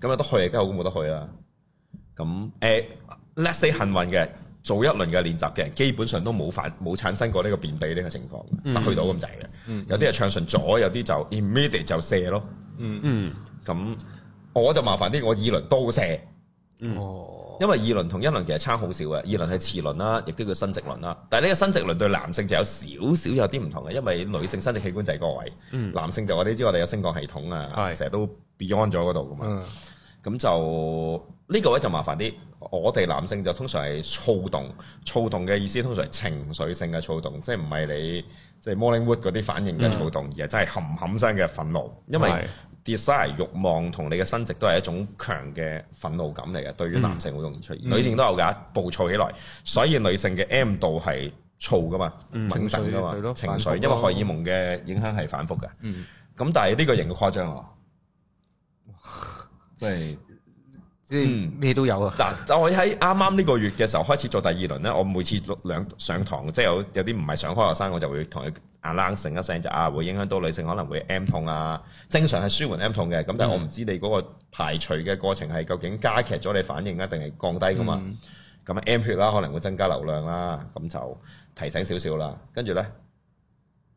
咁啊，得去嘅，而家好工冇得去啦。咁誒、嗯欸、let's say 幸運嘅做一輪嘅練習嘅人，基本上都冇反冇產生過呢個便秘呢個情況，失去到咁滯嘅。有啲係暢順咗，有啲就 immediate 就射咯。嗯嗯，咁、嗯嗯、我就麻煩啲，我二輪都過射。嗯，因為二輪同一輪其實差好少嘅，二輪係次輪啦，亦都叫生殖輪啦。但係呢個生殖輪對男性就有少少有啲唔同嘅，因為女性生殖器官就係個位，嗯、男性就我哋知我哋有升降系統啊，成日、嗯、都 beyond 咗嗰度噶嘛。咁、嗯、就呢、呢個位就麻煩啲，我哋男性就通常係躁動，躁動嘅意思通常係情緒性嘅躁動，即係唔係你即係 morning wood 嗰啲反應嘅躁動，嗯、而係真係冚冚聲嘅憤怒，因為、嗯。嗯 desire 欲望同你嘅生殖都係一種強嘅憤怒感嚟嘅，對於男性好容易出現，嗯、女性都有㗎，暴躁起來。所以女性嘅 M 度係燥噶嘛，嗯、敏感噶嘛，情緒，情緒因為荷爾蒙嘅影響係反覆嘅。咁、嗯嗯、但係呢個型嘅誇張喎，即係，咩、嗯、都有啊。嗱、嗯，我喺啱啱呢個月嘅時候開始做第二輪咧，我每次兩上堂，即、就、係、是、有有啲唔係上開學生，我就會同佢。硬冷成一成就啊，會影響到女性可能會 M 痛啊。Tone，正常係舒緩 M 痛嘅，咁但係我唔知你嗰個排除嘅過程係究竟加劇咗你反應啊，定係降低噶嘛？咁、嗯、M 血啦，可能會增加流量啦，咁就提醒少少啦。跟住咧，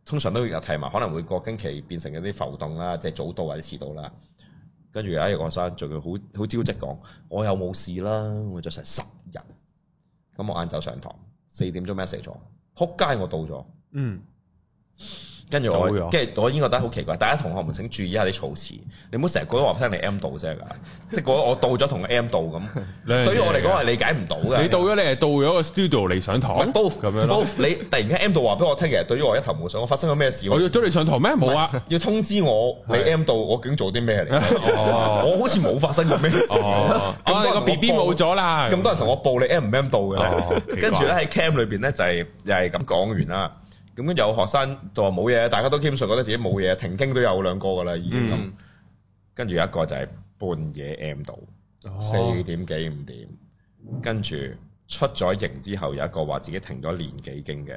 通常都有提埋可能會個經期變成一啲浮動啦，即係早到或者遲到啦。跟住有一個學生仲要好好招積講，我又冇事啦，我就成十日，咁我晏晝上堂四點鐘 message 咗，仆街我到咗，嗯。跟住我，跟住我，已經覺得好奇怪。大家同學們，請注意下啲措辭。你唔好成日覺得話聽你 M 到啫，噶，即係我到咗同個 M 到咁。對於我嚟講，係理解唔到嘅。你到咗，你係到咗個 studio 嚟上堂？咁樣啦。你突然間 M 到話俾我聽，其實對於我一頭冇上。我發生咗咩事？我要將你上堂咩？冇啊，要通知我你 M 到，我竟做啲咩嚟？哦，我好似冇發生過咩事。咁你個 BB 冇咗啦。咁多人同我報你 M 唔 M 到㗎喇，跟住咧喺 cam 裏邊咧就係又係咁講完啦。咁跟住有學生就話冇嘢，大家都基本上覺得自己冇嘢，停經都有兩個噶啦，已經咁。跟住有一個就係半夜 M 到四、哦、點幾五點，跟住出咗營之後有一個話自己停咗年幾經嘅，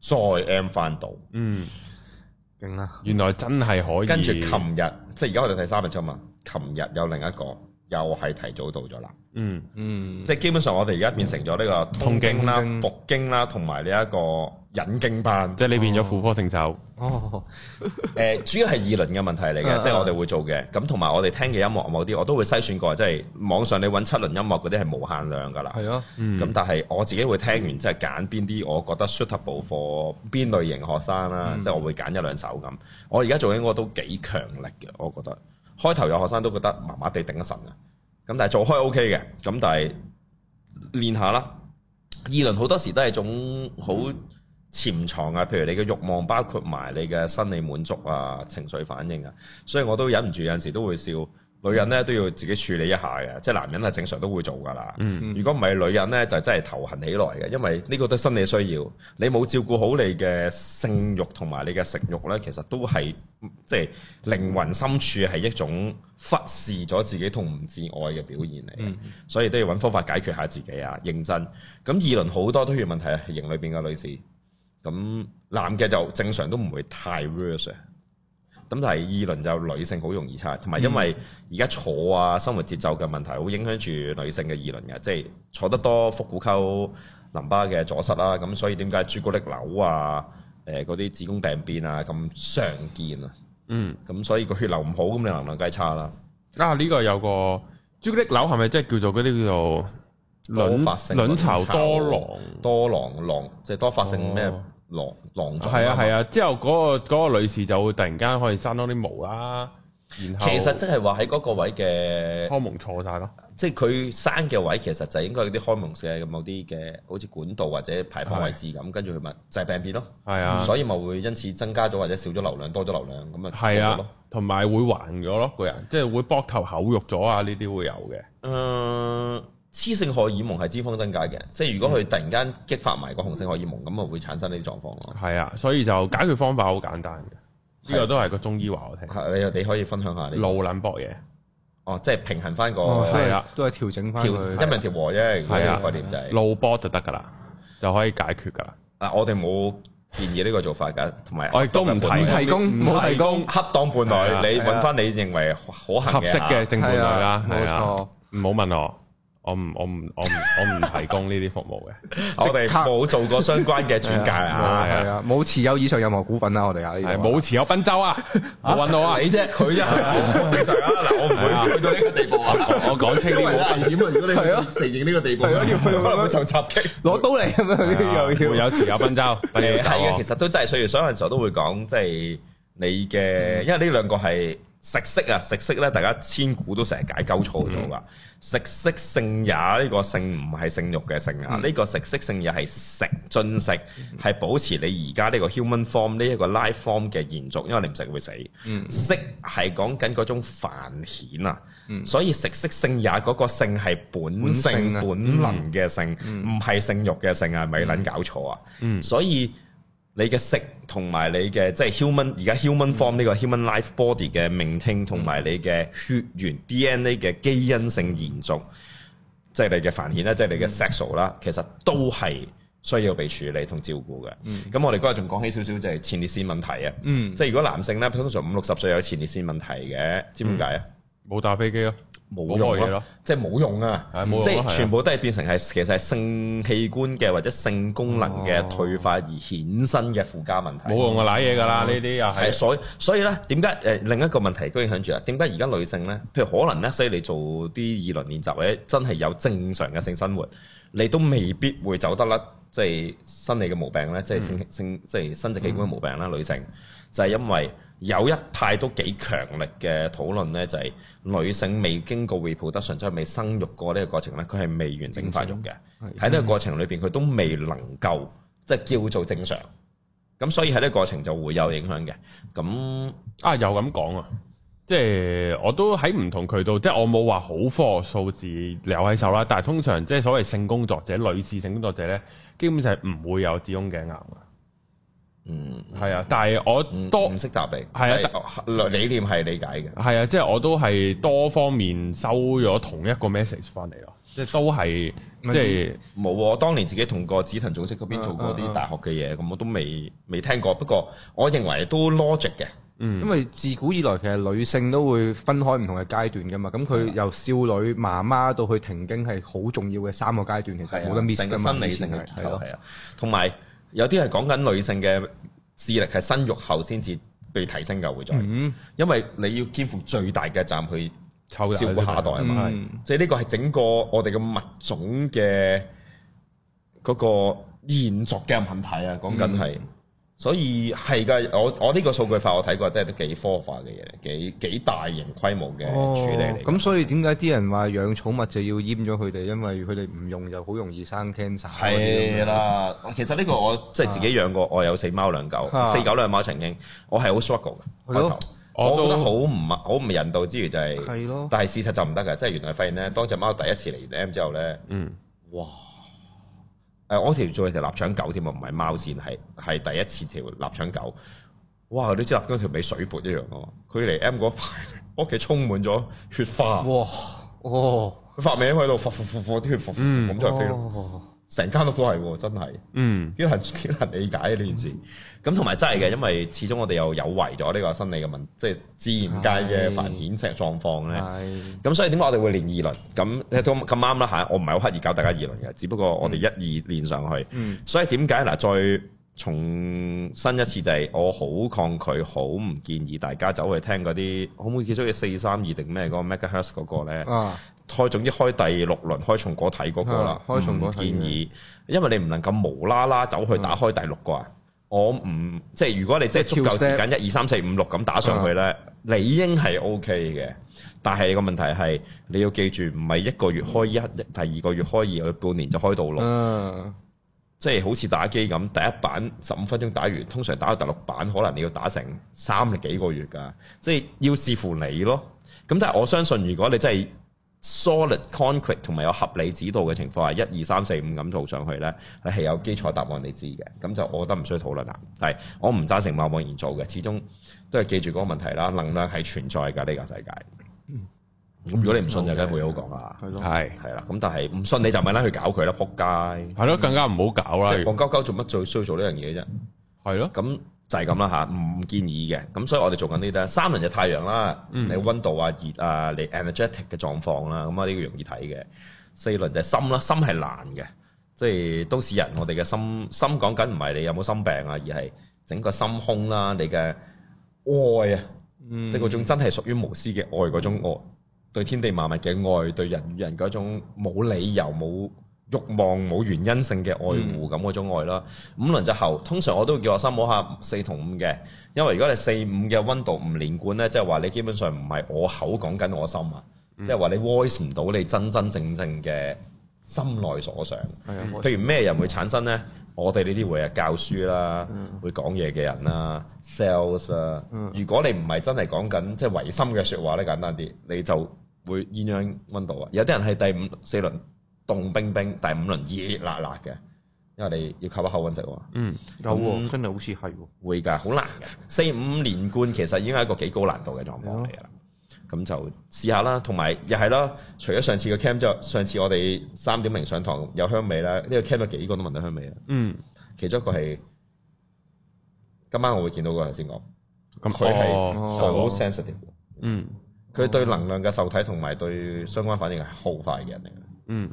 再 M 翻到，嗯，勁啦！嗯、原來真係可以。跟住琴日即係而家我哋睇三日啫嘛，琴日有另一個又係提早到咗啦。嗯嗯，嗯即係基本上我哋而家變成咗呢個痛經啦、復經啦，同埋呢一個。引境班，即係你變咗副科成就。哦，誒、 呃，主要係二輪嘅問題嚟嘅，即係 我哋會做嘅。咁同埋我哋聽嘅音樂某啲，我都會篩選過。即、就、係、是、網上你揾七輪音樂嗰啲係無限量噶啦。係咯，咁但係我自己會聽完，即係揀邊啲我覺得 suitable 課邊類型學生啦、啊。即係、嗯、我會揀一兩首咁。我而家做嘅我都幾強力嘅，我覺得。開頭有學生都覺得麻麻地頂一神嘅，咁但係做開 OK 嘅。咁但係練下啦。二輪好多時都係一種好。嗯潛藏啊，譬如你嘅欲望，包括埋你嘅心理滿足啊、情緒反應啊，所以我都忍唔住，有陣時都會笑。女人呢，都要自己處理一下嘅，即係男人係正常都會做噶啦。嗯嗯，如果唔係女人呢，就真係頭痕起來嘅，因為呢個都係心理需要。你冇照顧好你嘅性慾同埋你嘅食慾呢，其實都係即係靈魂深處係一種忽視咗自己同唔自愛嘅表現嚟。嗯嗯，所以都要揾方法解決下自己啊，認真。咁二輪好多都係問題啊，營裏邊嘅女士。咁男嘅就正常都唔會太 worse，咁但係二輪就女性好容易差，同埋因為而家坐啊，生活節奏嘅問題好影響住女性嘅二輪嘅，即係坐得多腹股溝淋巴嘅阻塞啦，咁所以點解朱古力瘤啊，誒嗰啲子宮病變啊咁常見？嗯、能能啊？嗯，咁所以個血流唔好，咁你能量梗係差啦。啊呢個有個朱古力瘤係咪即係叫做嗰啲叫做卵發性卵，卵巢多囊多囊囊即係多發性咩？哦狼狼，係啊係，啊，之後嗰個嗰個女士就會突然間可以生多啲毛啦。然後其實即係話喺嗰個位嘅，開蒙錯晒咯。即係佢生嘅位，其實就係應該啲開蒙嘅某啲嘅好似管道或者排放位置咁。跟住佢咪就係病變咯。係啊，所以咪會因此增加咗或者少咗流量，多咗流量咁啊，係啊，同埋會橫咗咯個人，即係會膊頭口肉咗啊，呢啲會有嘅。嗯、呃。雌性荷爾蒙係脂肪增加嘅，即係如果佢突然間激發埋個雄性荷爾蒙，咁啊會產生呢啲狀況咯。係啊，所以就解決方法好簡單嘅，呢個都係個中醫話我聽。係你你可以分享下你路卵搏嘢。哦，即係平衡翻個。係啊，都係調整翻佢，因為調和啫。係啊，個點就係路波就得噶啦，就可以解決噶啦。嗱，我哋冇建議呢個做法噶，同埋我亦都唔提供，唔好提供恰當伴侶，你揾翻你認為可行合適嘅性伴侶啦，係啊，唔好問我。我唔我唔我唔我唔提供呢啲服務嘅，我哋冇做過相關嘅轉介啊，係啊，冇持有以上任何股份啊，我哋啊，冇持有濱州啊，搵我你啫，佢啫，正常啊，嗱，我唔係啊，去到呢個地步我講清呢啲危險啊，如果你承認呢個地步，要唔要受襲擊？攞刀嚟咁樣呢？又有持有濱州，係嘅，其實都真係，所以所有時候都會講，即係你嘅，因為呢兩個係。食色啊，食色咧，大家千古都成日解鳩錯咗㗎。嗯、食色性也呢個性唔係性欲嘅性啊，呢、嗯、個食色性也係食進食，係、嗯、保持你而家呢個 human form 呢一個 life form 嘅延續，因為你唔食會死。嗯、色係講緊嗰種繁衍啊，嗯、所以食色性也嗰個性係本性本能嘅性，唔係性欲嘅性啊，咪撚搞錯啊、嗯嗯。所以。你嘅食同埋你嘅即係 human 而家 human form 呢、嗯、個 human life body 嘅名稱同埋你嘅血緣、嗯、DNA 嘅基因性延續，即係、嗯、你嘅繁衍啦，即、就、係、是、你嘅 sexual 啦、嗯，其實都係需要被處理同照顧嘅。咁、嗯、我哋嗰日仲講起少少即係前列腺問題啊。嗯、即係如果男性咧，通常五六十歲有前列腺問題嘅，知唔解啊？嗯.冇打飛機啊，冇用咯，即係冇用啊！即係、啊啊、全部都係變成係，嗯、其實係性器官嘅或者性功能嘅退化而衍生嘅附加問題。冇、嗯、用啊，瀨嘢噶啦，呢啲又係。所以所以咧，點解誒？另一個問題都影響住啊！點解而家女性咧，譬如可能咧，所以你做啲二輪練習或者真係有正常嘅性生活，嗯、你都未必會走得甩，即係生理嘅毛病咧、嗯，即係性性即係生殖器官嘅毛病啦。女性就係、是、因為。有一派都幾強力嘅討論咧，就係、是、女性未經過 reproduction 即係未生育過呢個過程咧，佢係未完整發育嘅。喺呢常個過程裏邊，佢都未能夠即係、就是、叫做正常。咁所以喺呢個過程就會有影響嘅。咁啊又咁講啊，即係我都喺唔同渠道，即係我冇話好科學數字留喺手啦。但係通常即係所謂性工作者、女士性工作者咧，基本上係唔會有子宮頸癌。嗯，係啊，但係我多唔識答你，係啊，理念係理解嘅，係啊，即係我都係多方面收咗同一個 message 翻嚟咯，即係都係即係冇。我當年自己同個紫藤組織嗰邊做過啲大學嘅嘢，咁我都未未聽過。不過我認為都 logic 嘅，嗯，因為自古以來其實女性都會分開唔同嘅階段㗎嘛，咁佢由少女、媽媽到去停經係好重要嘅三個階段嘅，成個生理性嘅，係咯，同埋。有啲係講緊女性嘅智力，係生育後先至被提升噶會再，嗯、因為你要肩負最大嘅責任去照顧下一代啊嘛，即、嗯、所以呢個係整個我哋嘅物種嘅嗰個延續嘅問題啊，講緊係。嗯所以係㗎，我我呢個數據化我睇過真，真係都幾科學嘅嘢，幾幾大型規模嘅處理嚟。咁、哦、所以點解啲人話養寵物就要閹咗佢哋，因為佢哋唔用就好容易生 cancer。係啦，其實呢個我、嗯、即係自己養過，啊、我有四貓兩狗，啊、四狗兩貓曾經，我係好 struggle 嘅，開頭。我覺得好唔好唔人道之餘就係、是，的但係事實就唔得㗎，即係原來發現咧，當隻貓第一次嚟 M 之後咧，嗯，哇。誒，我條再條臘腸狗添啊，唔係貓線，係係第一次條臘腸狗。哇！你知臘腸條尾水潑一樣噶嘛？佢嚟 M 嗰排，屋企充滿咗血花。哇！哇！佢發尾喺度，發發發發啲血發發發發，出嗯，咁再飛咯。成間屋都係喎，真係，幾、嗯、難幾難理解呢件事。咁同埋真係嘅，因為始終我哋又有違咗呢個心理嘅問題，即、就、係、是、自然界嘅繁衍石狀況咧。咁、嗯、所以點解我哋會練二輪？咁誒咁啱啦嚇，我唔係好刻意教大家二輪嘅，只不過我哋一二練上去。嗯、所以點解嗱？再重申一次就係，我好抗拒，好唔建議大家走去聽嗰啲可唔可以叫出去四三二定咩嗰個 Megahertz 嗰個咧。啊開，總之開第六輪，開松果體嗰、那個啦。開松果建議，嗯、因為你唔能夠無啦啦走去打開第六個啊！我唔即係如果你即係足夠時間一段說二三四五六咁打上去呢，是理應係 O K 嘅。但係個問題係你要記住，唔係一個月開一，第二個月開二，半年就開到咯。即係好似打機咁，第一版十五分鐘打完，通常打到第六版，可能你要打成三十幾個月噶。即、就、係、是、要視乎你咯。咁但係我相信如，如果你真係 solid concrete 同埋有合理指導嘅情況下，一二三四五咁做上去咧，係有基礎答案你知嘅，咁就我覺得唔需要討論啦。係，我唔贊成貿貿然做嘅，始終都係記住嗰個問題啦。能量係存在㗎，呢個世界。嗯，咁如果你唔信就梗係好講啦。係咯 Okay.，係係啦。咁但係唔信你就咪拉去搞佢啦。撲街。係咯，更加唔好搞啦。戇鳩鳩做乜最需要做呢樣嘢啫？係咯的，咁。就係咁啦嚇，唔建議嘅。咁所以我哋做緊呢啲三輪就太陽啦、嗯，你温度啊、熱啊、你 energetic 嘅狀況啦，咁啊呢個容易睇嘅。四輪就係心啦，心係難嘅，即係都市人我哋嘅心心講緊唔係你有冇心病啊，而係整個心胸啦，你嘅愛啊，即係嗰種真係屬於無私嘅愛嗰種愛，對天地萬物嘅愛，對人與人嗰種冇理由冇。欲望冇原因性嘅愛護咁嗰、嗯、種愛啦，五輪之後通常我都叫學生摸下四同五嘅，因為如果你四五嘅温度唔連貫呢，即係話你基本上唔係我口講緊我心啊，即係話你 voice 唔到你真真正正嘅心內所想。嗯、譬如咩人會產生呢？我哋呢啲會係教書啦，嗯、會講嘢嘅人啦，sales 啊。如果你唔係真係講緊即係違心嘅説話呢，簡單啲你就會鴛鴦温度啊。有啲人係第五四輪。凍冰冰，第五輪熱熱辣辣嘅，因為你要靠一口温食喎。嗯，有喎那，真係好似係喎。會㗎，好難嘅，四五連貫其實已經係一個幾高難度嘅狀況嚟啦。咁、啊、就試下啦，同埋又係啦，除咗上次嘅 camp 之外，上次我哋三點零上堂有香味啦，呢、呢個 camp 有幾個都聞到香味啊。嗯，其中一個係今晚我會見到個頭先講，咁佢係好 sensitive。嗯，佢、啊、對能量嘅受體同埋對相關反應係好快嘅人嚟嘅。嗯。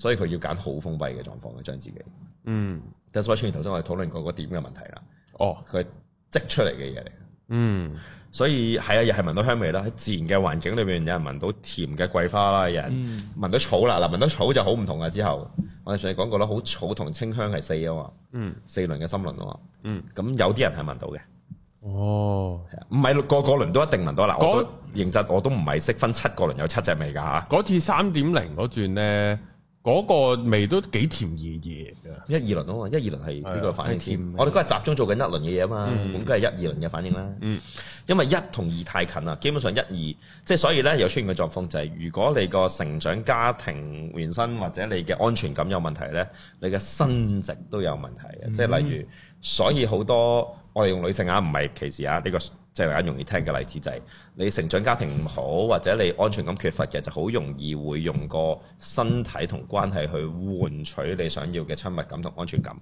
所以佢要揀好封閉嘅狀況去將自己，嗯 despite 頭先我哋討論過個點嘅問題啦，哦，佢積出嚟嘅嘢嚟，嗯，所以係啊，又係聞到香味啦，喺自然嘅環境裏面，有人聞到甜嘅桂花啦，有人聞到草啦，嗱、嗯，聞到草就好唔同啊，之後我哋上次講過啦，好草同清香係四啊嘛，嗯，四輪嘅心輪啊嘛，嗯，咁有啲人係聞到嘅，哦，唔係個個輪都一定聞到嗱那，我認真我都唔係識分七個輪有七隻味㗎嚇，嗰次三點零嗰轉咧。嗰個味都幾甜熱熱嘅，一二輪啊輪嘛，嗯、一二輪係呢個反應添。我哋都係集中做緊一輪嘅嘢啊嘛，咁梗係一二輪嘅反應啦。嗯，因為一同二太近啦，基本上一、二，即係所以咧有出現嘅狀況就係、是，如果你個成長家庭原生或者你嘅安全感有問題咧，你嘅生殖都有問題嘅，即係、嗯、例如，所以好多我哋用女性啊，唔係歧視啊，呢個。即係大家容易聽嘅例子，就係你成長家庭唔好，或者你安全感缺乏嘅，就好容易會用個身體同關係去換取你想要嘅親密感同安全感。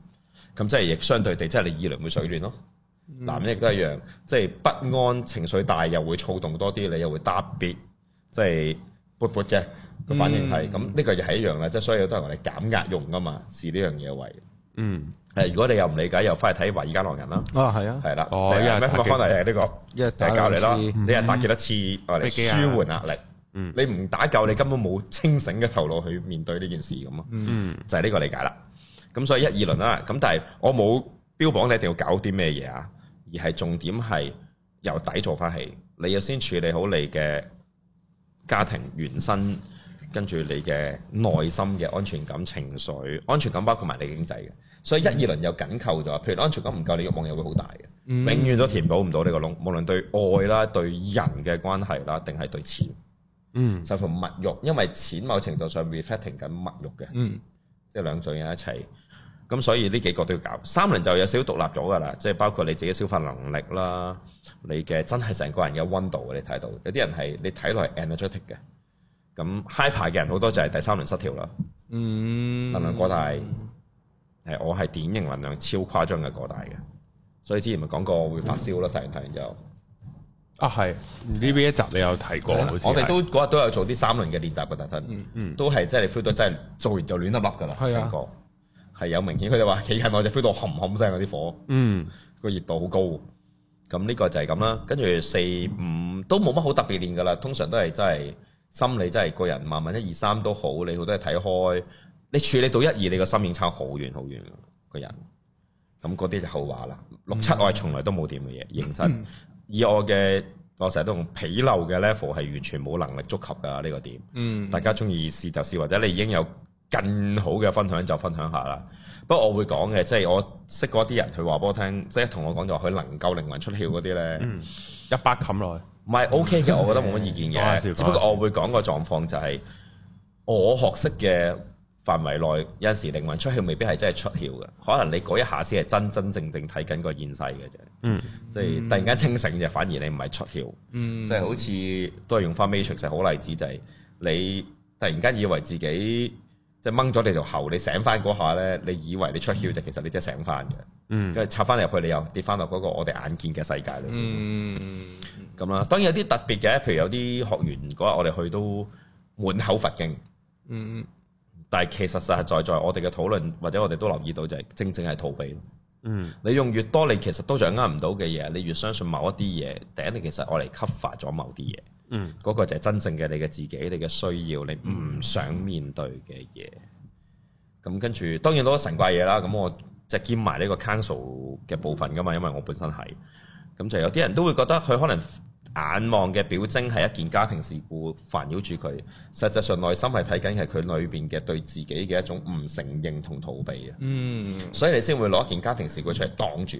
咁即係亦相對地，即係你二輪會水亂咯。男人亦都一樣，即係不安情緒大又會躁動多啲，你又會特別，即係勃勃嘅反應係。咁呢、嗯、個又係一樣啦，即係所以都係我哋減壓用噶嘛，是呢樣嘢為。嗯。誒，如果你又唔理解，又翻去睇《華爾街狼人》啦。啊，係啊，係啦的，咩方法嚟？係呢個，係教你咯。你係打幾多次舒緩壓力？嗯，你唔打夠，你根本冇清醒嘅頭腦去面對呢件事咁咯。嗯，就係呢個理解啦。咁所以一二輪啦。咁但係我冇標榜你一定要搞啲咩嘢啊，而係重點係由底做返起。你要先處理好你嘅家庭原生，跟住你嘅內心嘅安全感、情緒、安全感，包括埋你經濟嘅。所以一二輪又緊扣咗。譬如安全感唔夠，你慾、嗯、望又會好大嘅，嗯、永遠都填補唔到呢個窿。無論對愛啦、對人嘅關係啦，定係對錢，嗯，受從物慾，因為錢某程度上 reflecting 緊物慾嘅，嗯，即係兩種嘢一齊。咁所以呢幾個都要搞，三輪就有少少獨立咗㗎啦，即係包括你自己消化能力啦，你嘅真係成個人嘅溫度，你睇到有啲人係你睇落係 energetic 嘅，咁 hyper 嘅人好多就係第三輪失調啦，嗯，能量過大。嗯係我係典型能量超誇張嘅過大嘅，所以之前咪講過會發燒咯。成日睇完就，啊係呢邊一集你有睇過？的我哋都嗰日都有做啲三輪嘅練習嘅，特登、嗯，嗯嗯，都係真係你 feel 到真係做完就亂粒粒噶啦，係啊、嗯，係有明顯。佢哋話企喺內就 feel 到轟轟聲嗰啲火，嗯，個熱度好高。咁呢個就係咁啦。跟住四五都冇乜好特別練噶啦，通常都係真係心理真係個人問問一二三都好，你好都係睇開。你處理到一二，你個心已經差好遠好遠那那好遠好遠嘅人，咁嗰啲就好話啦。六七我係從來都冇掂嘅嘢，認真。嗯、以我嘅我成日都用鄙陋嘅 level 係完全冇能力觸及噶呢、呢個點。嗯，大家中意試就試，或者你已經有更好嘅分享就分享下啦。不過我會講嘅，即、就、係、係、我識嗰啲人佢話俾我聽，即係同我講就話佢能夠靈魂出竅嗰啲咧，一百冚落去，唔係 OK 嘅，嗯、我覺得冇乜意見嘅。只不過我會講個狀況就係我學識嘅。範圍內有陣時靈魂出竅，未必係真係出竅嘅。可能你嗰一下先係真真正正睇緊個現世嘅啫。嗯，即係突然間清醒就反而你唔係出竅。嗯，即係好似都係用翻 Matrix 好例子，就係、是、你突然間以為自己即係掹咗你條喉，你醒翻嗰下咧，你以為你出竅就其實你真係醒翻嘅。嗯，即係插翻入去，你又跌翻落嗰個我哋眼見嘅世界度，嗯。嗯，咁、嗯、啦。當然有啲特別嘅，譬如有啲學員嗰日我哋去都滿口佛經。嗯嗯。但係其實實實在在我哋嘅討論，或者我哋都留意到，就係正正係逃避。嗯，你用越多，你其實都掌握唔到嘅嘢。你越相信某一啲嘢，第一，你其實我嚟 cover 咗某啲嘢。嗯，嗰個就係真正嘅你嘅自己，你嘅需要，你唔想面對嘅嘢。咁、嗯、跟住，當然好多神怪嘢啦。咁我即係兼埋呢個 counsel 嘅部分噶嘛，因為我本身係。咁就有啲人都會覺得佢可能，眼望嘅表徵係一件家庭事故煩擾住佢，實際上內心係睇緊係佢裏邊嘅對自己嘅一種唔承認同逃避啊。嗯，所以你先會攞一件家庭事故出嚟擋住。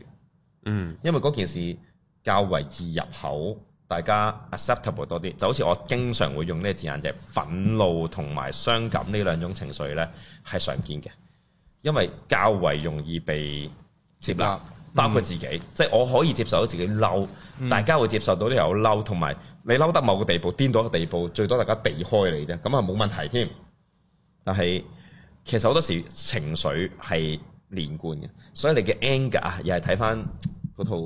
嗯，因為嗰件事較為易入口，大家 acceptable 多啲。就好似我經常會用呢個字眼，就係憤怒同埋傷感呢兩種情緒呢係常見嘅，因為較為容易被接納。接納包括自己，嗯、即係我可以接受到自己嬲，嗯、大家會接受到呢個人嬲，同埋你嬲得某個地步，癲到一個地步，最多大家避開你啫，咁啊冇問題添。但係其實好多時情緒係連貫嘅，所以你嘅 anger 啊，又係睇翻嗰套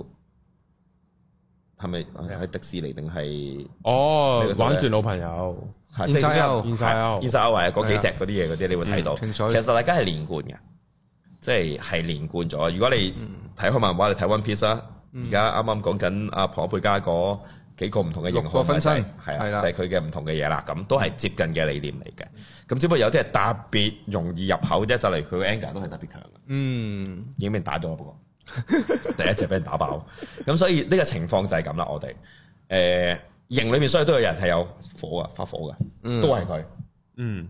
係咪喺迪士尼定係？哦，玩轉老朋友，變曬歐，變曬歐，變曬歐，或者嗰 Inside Out、啊、幾隻嗰啲嘢嗰啲，你會睇到。其實大家係連貫嘅。即係係連貫咗。如果你睇開漫畫，你睇 One Piece 啦。而家啱啱講緊阿婆佩加嗰幾個唔同嘅型號，就是，六個分身係啦，就係佢嘅唔同嘅嘢啦。咁都係接近嘅理念嚟嘅。咁只不過有啲係特別容易入口啫。就嚟佢嘅 Anger 都係特別強嘅。嗯，已經俾人打咗啊！不過 第一隻俾人打爆。咁 所以呢個情況就係咁啦。我哋誒營裏面雖然都有人係有火啊，發火嘅，都係佢。嗯，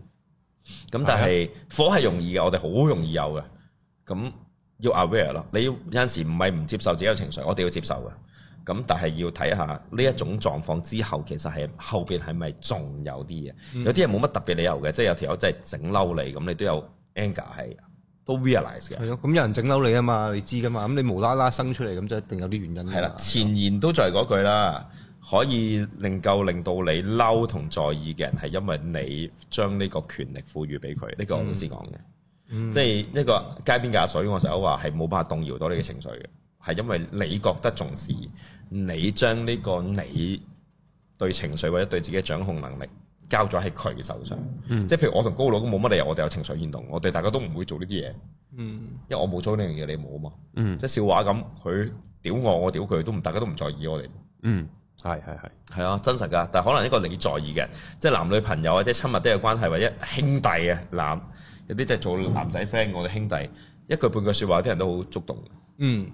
咁、嗯、但係火係容易嘅，我哋好容易有嘅。咁要 aware 咯，你有陣時唔係唔接受自己嘅情緒，我哋要接受嘅。咁但係要睇下呢一種狀況之後，其實係後邊係咪仲有啲嘢？嗯、有啲嘢冇乜特別理由嘅，即係有條友真係整嬲你，咁你都有 anger 係，都 realize 嘅。係咯，咁、嗯、有人整嬲你啊嘛，你知噶嘛，咁你無啦啦生出嚟咁，就一定有啲原因。係啦，前言都就係嗰句啦，可以令夠令到你嬲同在意嘅人，係因為你將呢個權力賦予俾佢。呢、呢個老師講嘅。嗯嗯嗯、即係呢個街邊架水，我成日話係冇辦法動搖到你嘅情緒嘅，係因為你覺得重視，你將呢個你對情緒或者對自己嘅掌控能力交咗喺佢嘅手上。嗯、即係譬如我同高佬都冇乜理由，我哋有情緒牽動，我哋大家都唔會做呢啲嘢。嗯、因為我冇做呢樣嘢，你冇啊嘛。嗯、即係笑話咁，佢屌我，我屌佢，都大家都唔在意我哋。嗯，係係係，係啊，真實㗎。但係可能呢個你在意嘅，即係男女朋友或者親密啲嘅關係或者兄弟啊，男。男有啲就做男仔 friend，我哋兄弟一句半句説話，啲人都好觸動嘅。嗯，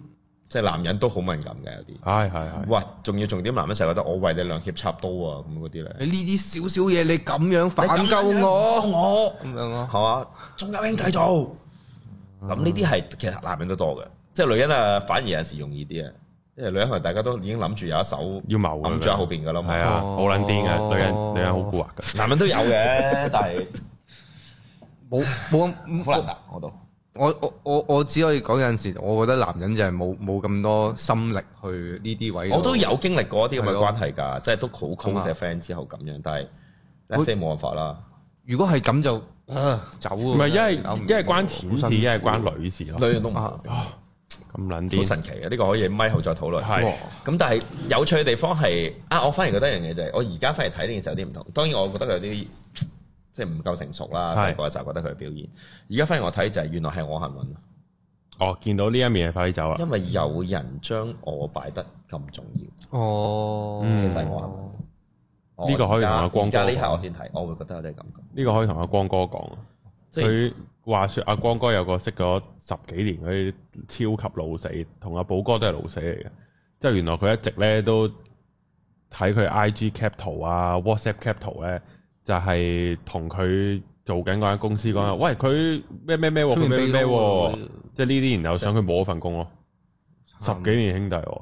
即係男人都好敏感嘅，有啲。係係係。哇，仲要重點男人成日覺得我為你兩肋插刀啊，咁嗰啲咧。呢啲少少嘢，你咁樣反救我，我咁樣咯，係嘛？仲有兄弟做。咁呢啲係其實男人都多嘅，即係女人啊，反而有時容易啲啊。因為女人可能大家都已經諗住有一手揞住喺後邊噶啦嘛。係啊，好撚癲嘅女人，女人好蠱惑嘅，男人都有嘅，但係。冇冇可能噶我都，我我我我只可以講有陣時，我覺得男人就係冇冇咁多心力去呢啲位。我都有經歷過一啲咁嘅關係噶，啊、即係都好 close 嘅 friend 之後咁樣，但係，即係冇辦法啦。如果係咁就走，走，啊！唔係，因為因為關錢事，因為關女事咯，啊、女人都唔啱。咁撚啲，好神奇嘅呢、這個可以咪後再討論。係咁是，哇但係有趣嘅地方係，啊我反而覺得一樣嘢就係，我而家反嚟睇呢件事有啲唔同。當然，我覺得有啲。即係唔夠成熟啦，細個嘅時候覺得佢嘅表現，而家反而我睇就係原來係我幸運咯。哦，見到呢一面嘅快啲走啦。因為有人將我擺得咁重要。哦，其實我幸運。呢、嗯、個可以同阿光哥講。而呢下我先睇，我會覺得有啲感覺。呢個可以同阿光哥講。佢是話説阿光哥有個識咗十幾年嗰啲超級老死，同阿寶哥都係老死嚟嘅。即係原來佢一直咧都睇佢 IG cap 圖啊，WhatsApp cap 圖咧。就係同佢做緊嗰間公司講，喂佢咩咩咩喎，佢咩咩即係呢啲，然後想佢冇一份工咯，真 十幾年兄弟喎，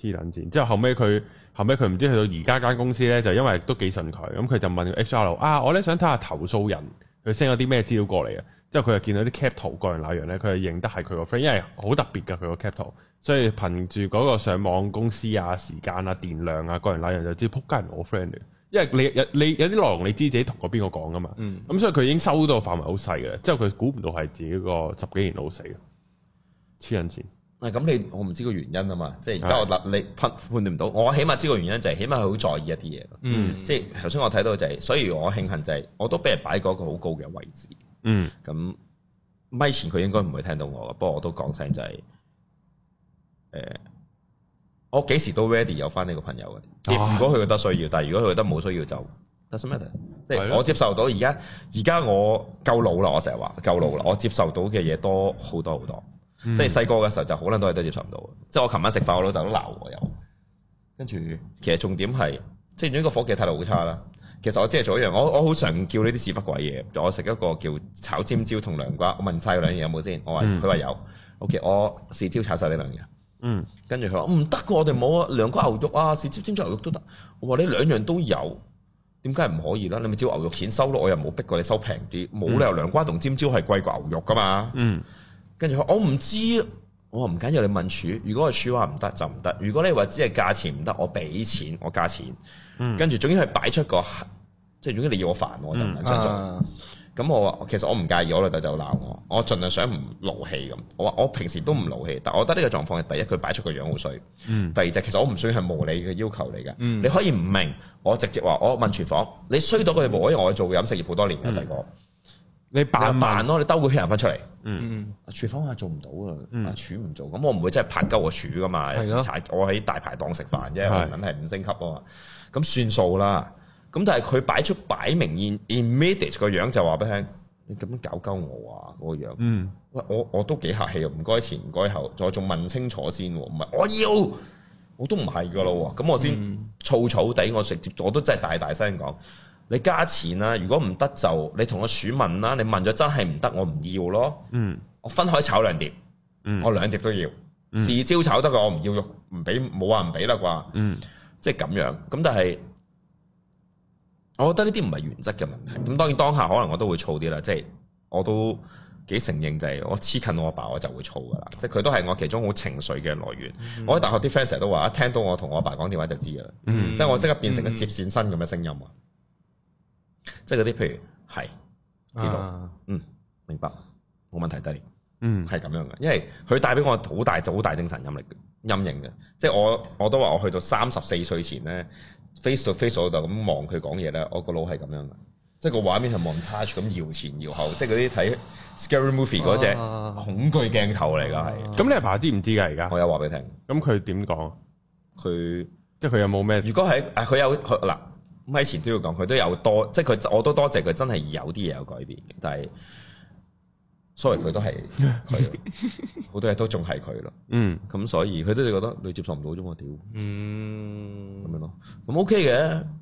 黐撚線。之後後尾，佢後尾佢唔知去到而家間公司咧，就因為都幾信佢，咁佢就問 H R AL，啊，我咧想睇下投訴人佢 send 咗啲咩資料過嚟啊。之後佢又見到啲 cap 圖嗰樣那樣咧，佢又認得係佢個 friend，因為好特別噶佢個 cap 圖，所以憑住嗰個上網公司啊、時間啊、電量啊、嗰人那樣就知撲街人我 friend 因為你有你，你有啲內容你知自己同過邊個講噶嘛，咁、嗯嗯、所以佢已經收到嘅範圍好細嘅，之後佢估唔到係自己個十幾年老死。黐人線，咁、嗯、你我唔知個原因啊嘛，即係而家我諗是你判判斷唔到，我起碼知個原因就係起碼佢好在意一啲嘢，嗯嗯、即係頭先我睇到就係、是，所以我慶幸就係、是、我都俾人擺喺一個好高嘅位置，咁咪、嗯、前佢應該唔會聽到我，不過我都講聲就係、是、誒。欸我幾時都 ready 有翻呢個朋友嘅，亦如果佢覺得需要，但係如果佢覺得冇需要就，doesn't matter，、啊、即係我接受到。而家而家我夠老啦，我成日話夠老啦，我接受到嘅嘢多好多好多。嗯、即係細個嘅時候就可能都係都接受唔到。嗯、即係我琴晚食飯，我老豆都鬧我有。跟住、嗯、其實重點係，即係如果個伙計態度好差啦。其實我即係做一樣，我我好常叫呢啲屎忽鬼嘢。我食一個叫炒尖椒同涼瓜，我問曬兩樣有冇先，我話佢話有，OK，我豉椒炒晒呢兩樣。嗯，跟住佢話唔得嘅，我哋冇啊，涼瓜牛肉啊，豉椒尖椒牛肉都得。我話你兩樣都有，點解唔可以啦？你咪照牛肉錢收咯，我又冇逼過你收平啲，冇理由涼瓜同尖椒係貴過牛肉噶嘛。嗯，跟住佢話我唔知，我話唔緊要，你問廚，如果個廚話唔得就唔得。如果你話只係價錢唔得，我俾錢我加錢。嗯，跟住總之係擺出個，即係總之你要我煩我就唔想咁我話，其實我唔介意，我老豆就鬧我，我儘量想唔勞氣咁。我話我平時都唔勞氣，但我覺得呢個狀況係第一，佢擺出個樣好衰，嗯、第二就其實我唔算係無理嘅要求嚟嘅。嗯、你可以唔明，我直接話我問廚房，你衰到佢哋無，因為我做飲食業好多年嘅細個，你扮扮咯，你兜個圈翻出嚟。嗯嗯，廚房我、啊、係做唔到、嗯、啊，廚唔做，咁我唔會真係拍鳩個廚噶嘛。係咯，我喺大排檔食飯啫，係緊係五星級啊嘛，咁的算數啦。咁但係佢擺出擺明現 immediate、啊那個樣就話俾聽你咁樣搞鳩我啊嗰個樣，喂我我都幾客氣啊，唔該前唔該後，再仲問清楚先，唔係我要，我都唔係噶咯，咁、嗯、我先草草地我直接我都真係大大聲講，你加錢啦、啊，如果唔得就你同我鼠問啦，你問咗真係唔得我唔要咯，嗯、我分開炒兩碟，嗯、我兩碟都要，豉椒、嗯、炒得嘅我唔要，肉，唔俾冇話唔俾啦啩，嗯、即係咁樣，咁但係。我覺得呢啲唔係原則嘅問題，咁當然當下可能我都會躁啲啦，即係我都幾承認就係我黐近我阿爸我就會躁噶啦，即係佢都係我其中好情緒嘅來源。嗯、我喺大學啲 friend 成日都話，一聽到我同我阿爸講電話就知噶啦，嗯、即係我即刻變成個接線生咁嘅聲音啊！嗯、即係嗰啲譬如係知道，啊、嗯，明白，冇問題，爹哋，嗯，係咁樣嘅，因為佢帶俾我好大好大精神陰力陰影嘅，即係我我都話我去到三十四歲前咧。face to face 我就咁望佢講嘢咧，我個腦係咁樣嘅，即係個畫面係 montage 咁搖前搖後，即係嗰啲睇 scary movie 嗰隻恐懼鏡頭嚟㗎係。咁你阿爸知唔知㗎而家？我有話俾你聽。咁佢點講？佢即係佢有冇咩？如果係，佢有嗱，咁喺前都要講，佢都有多，即係佢我都多謝佢，真係有啲嘢有改變，但係。所以佢都係，好 多嘢都仲係佢咯。嗯，咁、嗯、所以佢都就覺得你接受唔到啫嘛，屌。嗯，咁樣咯，咁 OK 嘅。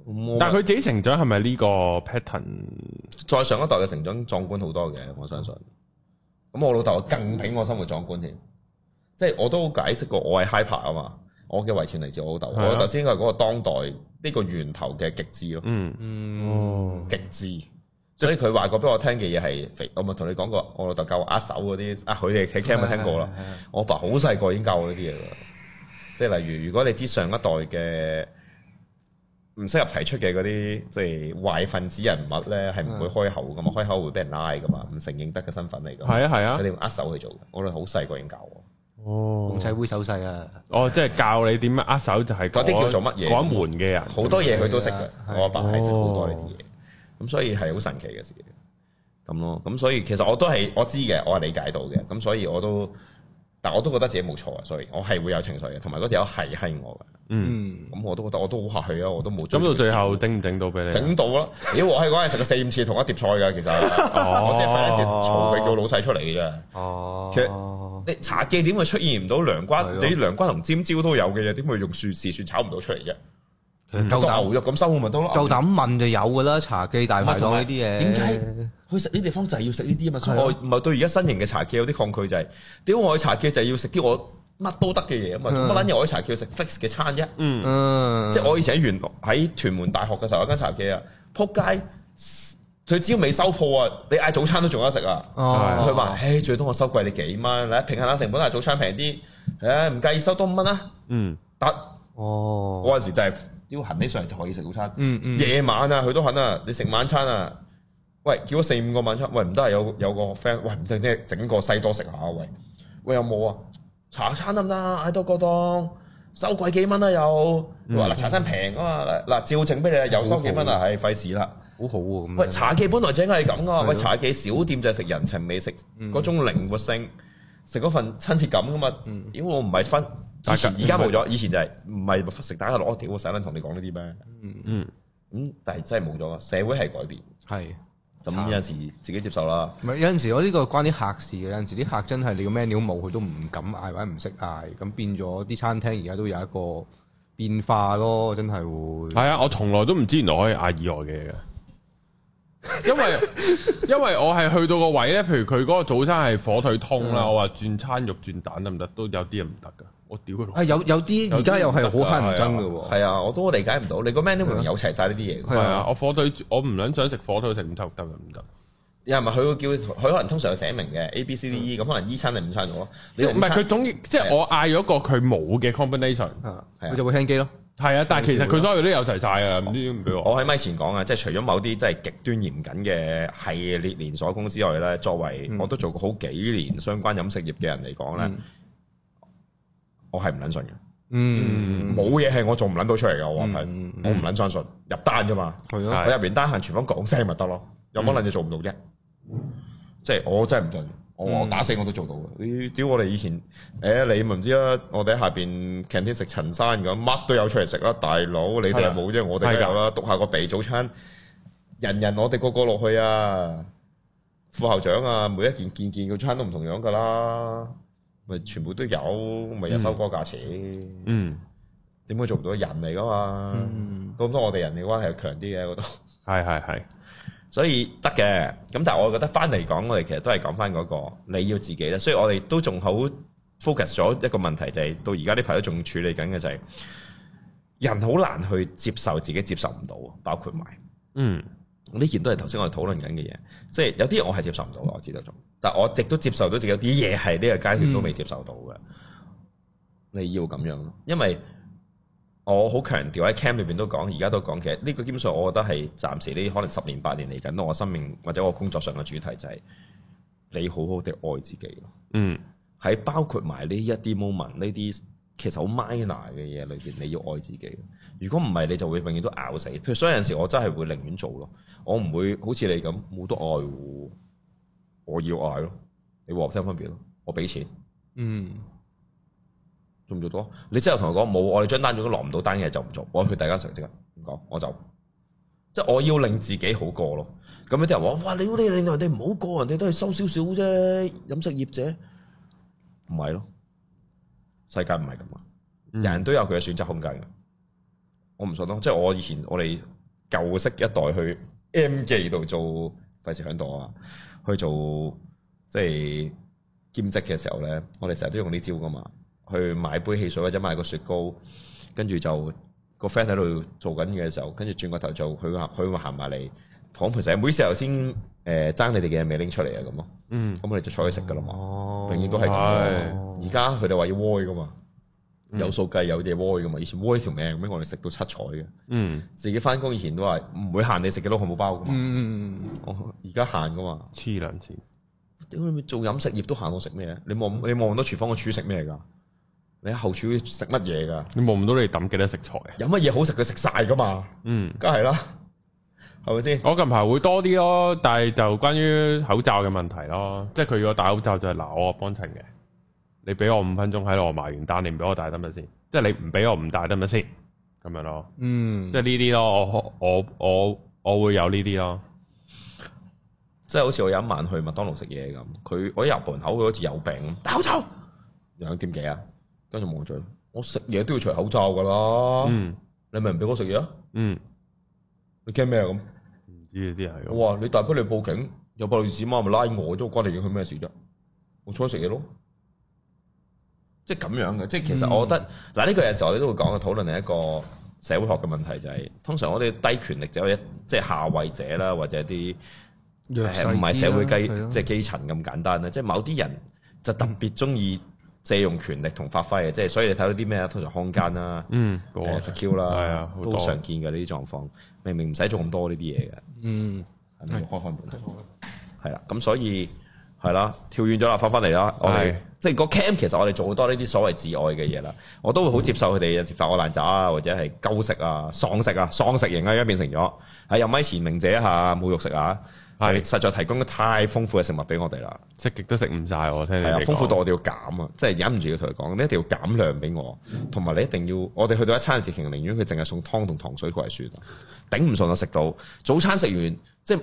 嗯、但係佢自己成長係咪呢個 pattern？再上一代嘅成長壯觀好多嘅，我相信。咁我老豆更比我生活壯觀添、嗯，即係我都解釋過，我係 hyper 啊嘛。我嘅遺傳嚟自我老豆，啊、我頭先係嗰個當代呢個源頭嘅極致咯。嗯，哦、嗯，極致。所以佢話過俾我聽嘅嘢係肥，我咪同你講過，我老豆教握手嗰啲，啊佢哋佢聽咪聽過咯。我阿爸好細個已經教我呢啲嘢㗎，即係例如如果你知上一代嘅唔適合提出嘅嗰啲，即係壞分子人物咧,係唔會開口噶嘛，開口會俾人拉噶嘛，唔承認得嘅身份嚟㗎。係啊係啊，佢哋用握手去做，我老豆好細個已經教我。哦，紅社會手勢啊。哦，即係教你點樣握手就係嗰啲叫做乜嘢？講門嘅人啊，好多嘢佢都識嘅。識我阿爸係識好多呢啲嘢。哦哦。咁所以係好神奇嘅事，咁咯。咁所以其實我都係我知嘅，我係理解到嘅。咁所以我都，但我都覺得自己冇錯啊。所以，我係會有情緒嘅，同埋嗰條友係係我嘅。嗯，咁、嗯、我都覺得我都好客氣啊，我都冇。咁、嗯、到最後頂唔頂到俾你、啊？頂到啦！咦、欸，我喺嗰日食咗四五次同一碟菜嘅，其實我即係費事嘈佢做老細出嚟嘅。哦，其實你茶記點會出現唔到涼瓜？你啲涼瓜同尖椒都有嘅嘢，點會用蒜豉算炒唔到出嚟嘅？夠、嗯、種牛肉咁收咪多咯，夠膽問就有噶啦。茶記大排檔呢啲嘢，點解、嗯、去食呢地方就係要食呢啲啊嘛？係、嗯、我唔係對而家新型嘅茶記有啲抗拒，就係屌我去茶記就係要食啲我乜都得嘅嘢啊嘛，做乜撚嘢我去茶記要食 fix 嘅餐啫？嗯，即係我以前喺圓喺屯門大學嘅時候，有間茶記啊，撲街，佢只要未收鋪啊，你嗌早餐都仲有得食啊。佢話誒，最多我收貴你幾蚊，平衡下、啊、成本啊，早餐平啲，誒唔介意收多五蚊啊。嗯，得。哦，嗰陣時就係、是。要行起上嚟就可以食早餐。夜、嗯嗯、晚啊，佢都肯啊。你食晚餐啊？喂，叫咗四五個晚餐。喂，唔得啊，有有個 friend。喂，唔得即係整個西多食下。喂，喂有冇啊？茶餐得唔得啊？喺多個檔收貴幾蚊啊？又嗱、嗯、茶餐平啊嘛。嗱照整俾你啊，又收幾蚊啊？係費事啦，好好喎。喂，茶記本來就係咁啊。嗯、喂，茶記小店就係食人情美食，嗰、嗯、種靈活性，食嗰份親切感噶嘛。因為、嗯呃呃、我唔係分。但係而家冇咗，以前就係唔係食蛋加落鍋條我使蚊同你講呢啲咩？嗯嗯，咁、嗯、但係真係冇咗啊！社會係改變，係咁是有陣時自己接受啦。唔係有陣時我呢、呢個，關啲客事嘅，有陣時啲客真係你個 menu 冇，佢都唔敢嗌或者唔識嗌，咁變咗啲餐廳而家都有一個變化咯，真係會。係啊，我從來都唔知原來可以嗌以外嘅嘢嘅，因為 因為我係去到個位咧，譬如佢嗰個早餐係火腿通啦，嗯、我話轉餐肉轉蛋得唔得？都有啲人唔得噶。我屌佢！啊有有啲而家又係好乞人憎嘅喎，係啊，我都理解唔到，你個 menu 會唔會有齊晒呢啲嘢？係啊，我火腿我唔撚想食火腿食五臭得唔得？又係咪佢會叫佢，可能通常會寫明嘅 A B C D E 咁，可能一餐定五餐度咯。唔係佢總，即係我嗌咗個佢冇嘅 combination，佢就會停機咯。係啊，但係其實佢所有都有齊晒啊，唔知點俾我。喺咪前講啊，即係除咗某啲即係極端嚴謹嘅系列連鎖公司外咧，作為我都做過好幾年相關飲食業嘅人嚟講咧，我係唔撚信嘅，嗯，冇嘢係我做唔撚到出嚟嘅，我話、嗯、我唔撚相信、嗯、入單啫嘛，的我入完單行廚房講聲咪得咯，嗯、有冇撚嘢做唔到啫？嗯、即係我真係唔信，我我打死我都做到嘅、嗯。屌我哋以前，誒、欸、你咪唔知啦，我哋喺下邊強天食陳生，咁，乜都有出嚟食啦，大佬你哋冇啫，的我哋都有啦，是的 讀下個地早餐，人人、人我哋個各個落去啊，副校長啊，每一件件件個餐都唔同樣噶啦。咪全部都有，咪有收貨價錢。嗯，點會做唔到人嚟噶嘛？咁、嗯、多，多我哋人嘅關係係強啲嘅嗰度。係係係，所以得嘅。咁但係我覺得翻嚟講，我哋其實都係講翻嗰個你要自己啦。所以我哋都仲好 focus 咗一個問題，就係、是、到而家呢排都仲處理緊嘅就係、是、人好難去接受自己接受唔到，包括埋嗯呢件都係頭先我哋討論緊嘅嘢，即係有啲嘢我係接受唔到，我知道但我一直都接受到自己有啲嘢係呢個階段都未接受到嘅，嗯、你要咁樣咯，因為我好強調喺 cam 裏邊都講，而家都講，其實呢個基本上我覺得係暫時呢可能十年八年嚟緊，我生命或者我工作上嘅主題就係、是、你好好的愛自己咯，嗯，喺包括埋呢一啲 moment 呢啲其實好 minor 嘅嘢裏邊，你要愛自己，如果唔係你就會永遠都咬死，譬如，所以有陣時我真係會寧願做咯，我唔會好似你咁冇得愛護。我要嗌咯，你話有咩分別？咯，我俾錢，嗯，做唔做到？你之後同佢講冇，我哋張單如果攞唔到單嘅就唔做。我去大家常識，唔講我就，即係我要令自己好過咯。咁有啲人話，哇，你你令人哋唔好過，人哋都係收少少啫。飲食業者唔係咯，世界唔係咁啊，人人都有佢嘅選擇空間嘅。嗯，我唔信咯，即係我以前我哋舊式一代去 M 記度做，費事響度啊。去做即係兼職嘅時候咧，我哋成日都用呢招噶嘛，去買杯汽水或者買個雪糕，跟住就個 friend 喺度做緊嘢嘅時候，跟住轉個頭就佢話佢話行埋嚟捧盤，成唔好意思，頭先誒爭你哋嘅嘢未拎出嚟啊咁咯，嗯，咁我哋就坐去食噶啦嘛，永遠、哦、都係咁，而家佢哋話要 wait 噶嘛。哦嗯、有數計有隻窩嘅嘛，以前窩條命畀我哋食到七彩嘅。嗯，自己返工以前都話唔會限你食幾多漢堡包嘅嘛。嗯，我而家限嘅嘛。黐撚線，屌你做飲食業都限我食咩？你望你望看到廚房個廚食咩㗎？你喺後廚食乜嘢㗎？你望唔到你哋揼幾多食材？有乜嘢好食佢食晒嘅嘛。嗯，梗係啦，係咪先？是是我近排會多啲咯，但係就關於口罩嘅問題咯，即係佢如果戴口罩就係、是、嗱，我幫襯嘅。你俾我五分鐘喺度我埋完單，你唔俾我戴得咪先？即係你唔俾我唔戴得咪先？咁樣咯，嗯，即係呢啲咯，我我我我會有呢啲咯。即係好似我有一晚去麥當勞食嘢咁，佢我一入門口佢好似有病戴口罩，兩點幾啊？跟住冇嘴，我食嘢都要除口罩噶啦。嗯，你明唔俾我食嘢啊？嗯，你驚咩咁？唔知呢啲係。哇！你大不了報警，有暴利子媽咪拉我都關你嘢，佢咩事啫？我出去食嘢咯。即係咁樣嘅，即係其實我覺得嗱，呢個有時候我哋都會講嘅討論另一個社會學嘅問題，就係通常我哋低權力者，即係下位者啦，或者啲唔係社會基即係基層咁簡單咧，即係某啲人就特別中意借用權力同發揮嘅，即係所以你睇到啲咩啊，通常空間啦，誒 secure 啦，好常見嘅呢啲狀況，明明唔使做咁多呢啲嘢嘅，嗯，係咪開開門啦，咁所以。係啦，跳遠咗啦，翻翻嚟啦。我哋即係個 camp，其實我哋做好多呢啲所謂自愛嘅嘢啦。我都會好接受佢哋有時發我爛渣啊，或者係鳩食啊、喪食啊、喪食型啊，而家變成咗係又咪前明者一下無肉食啊，係實在提供太豐富嘅食物俾我哋啦。食極都食唔晒。我聽，豐富到我哋要減啊，即係忍唔住要同佢講，你一定要減量俾我，同埋你一定要我哋去到一餐，直情寧願佢淨係送湯同糖水過嚟算啦，頂唔順我食到早餐食完即。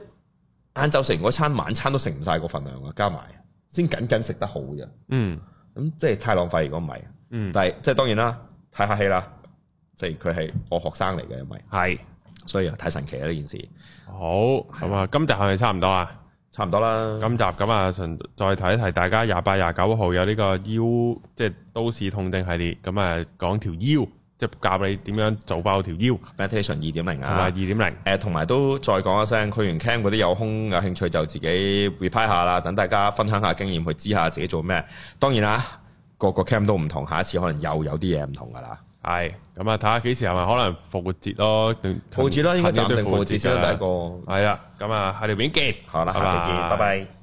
晏晝食完餐晚餐都食唔晒個份量啊，加埋先僅僅食得好啫。嗯，咁即係太浪費如果唔係。嗯，但係是即係當然啦，睇下戲啦，即係佢係我學生嚟嘅，因為，係是，所以啊，太神奇啦呢件事。好，咁啊是，今集係咪差唔多啊？差唔多啦。今集咁啊，純再提一提，大家廿八廿九號有呢個腰，即係都市痛症系列，咁啊，講條腰。即教你點樣做爆條腰，Meditation 二點零啊，同二點零。誒，同埋都再講一聲，去完 cam 嗰啲有空有興趣就自己 rep 下啦，等大家分享下經驗，去知下自己做咩。當然啦、啊，個個 cam 都唔同，下一次可能又有啲嘢唔同噶啦。係，咁啊睇下幾時，係咪可能復活節咯？復活節啦，近近應該暫定復活節先，第一個。係啊，咁啊，下條片見。好啦，下條片見，拜拜。拜拜。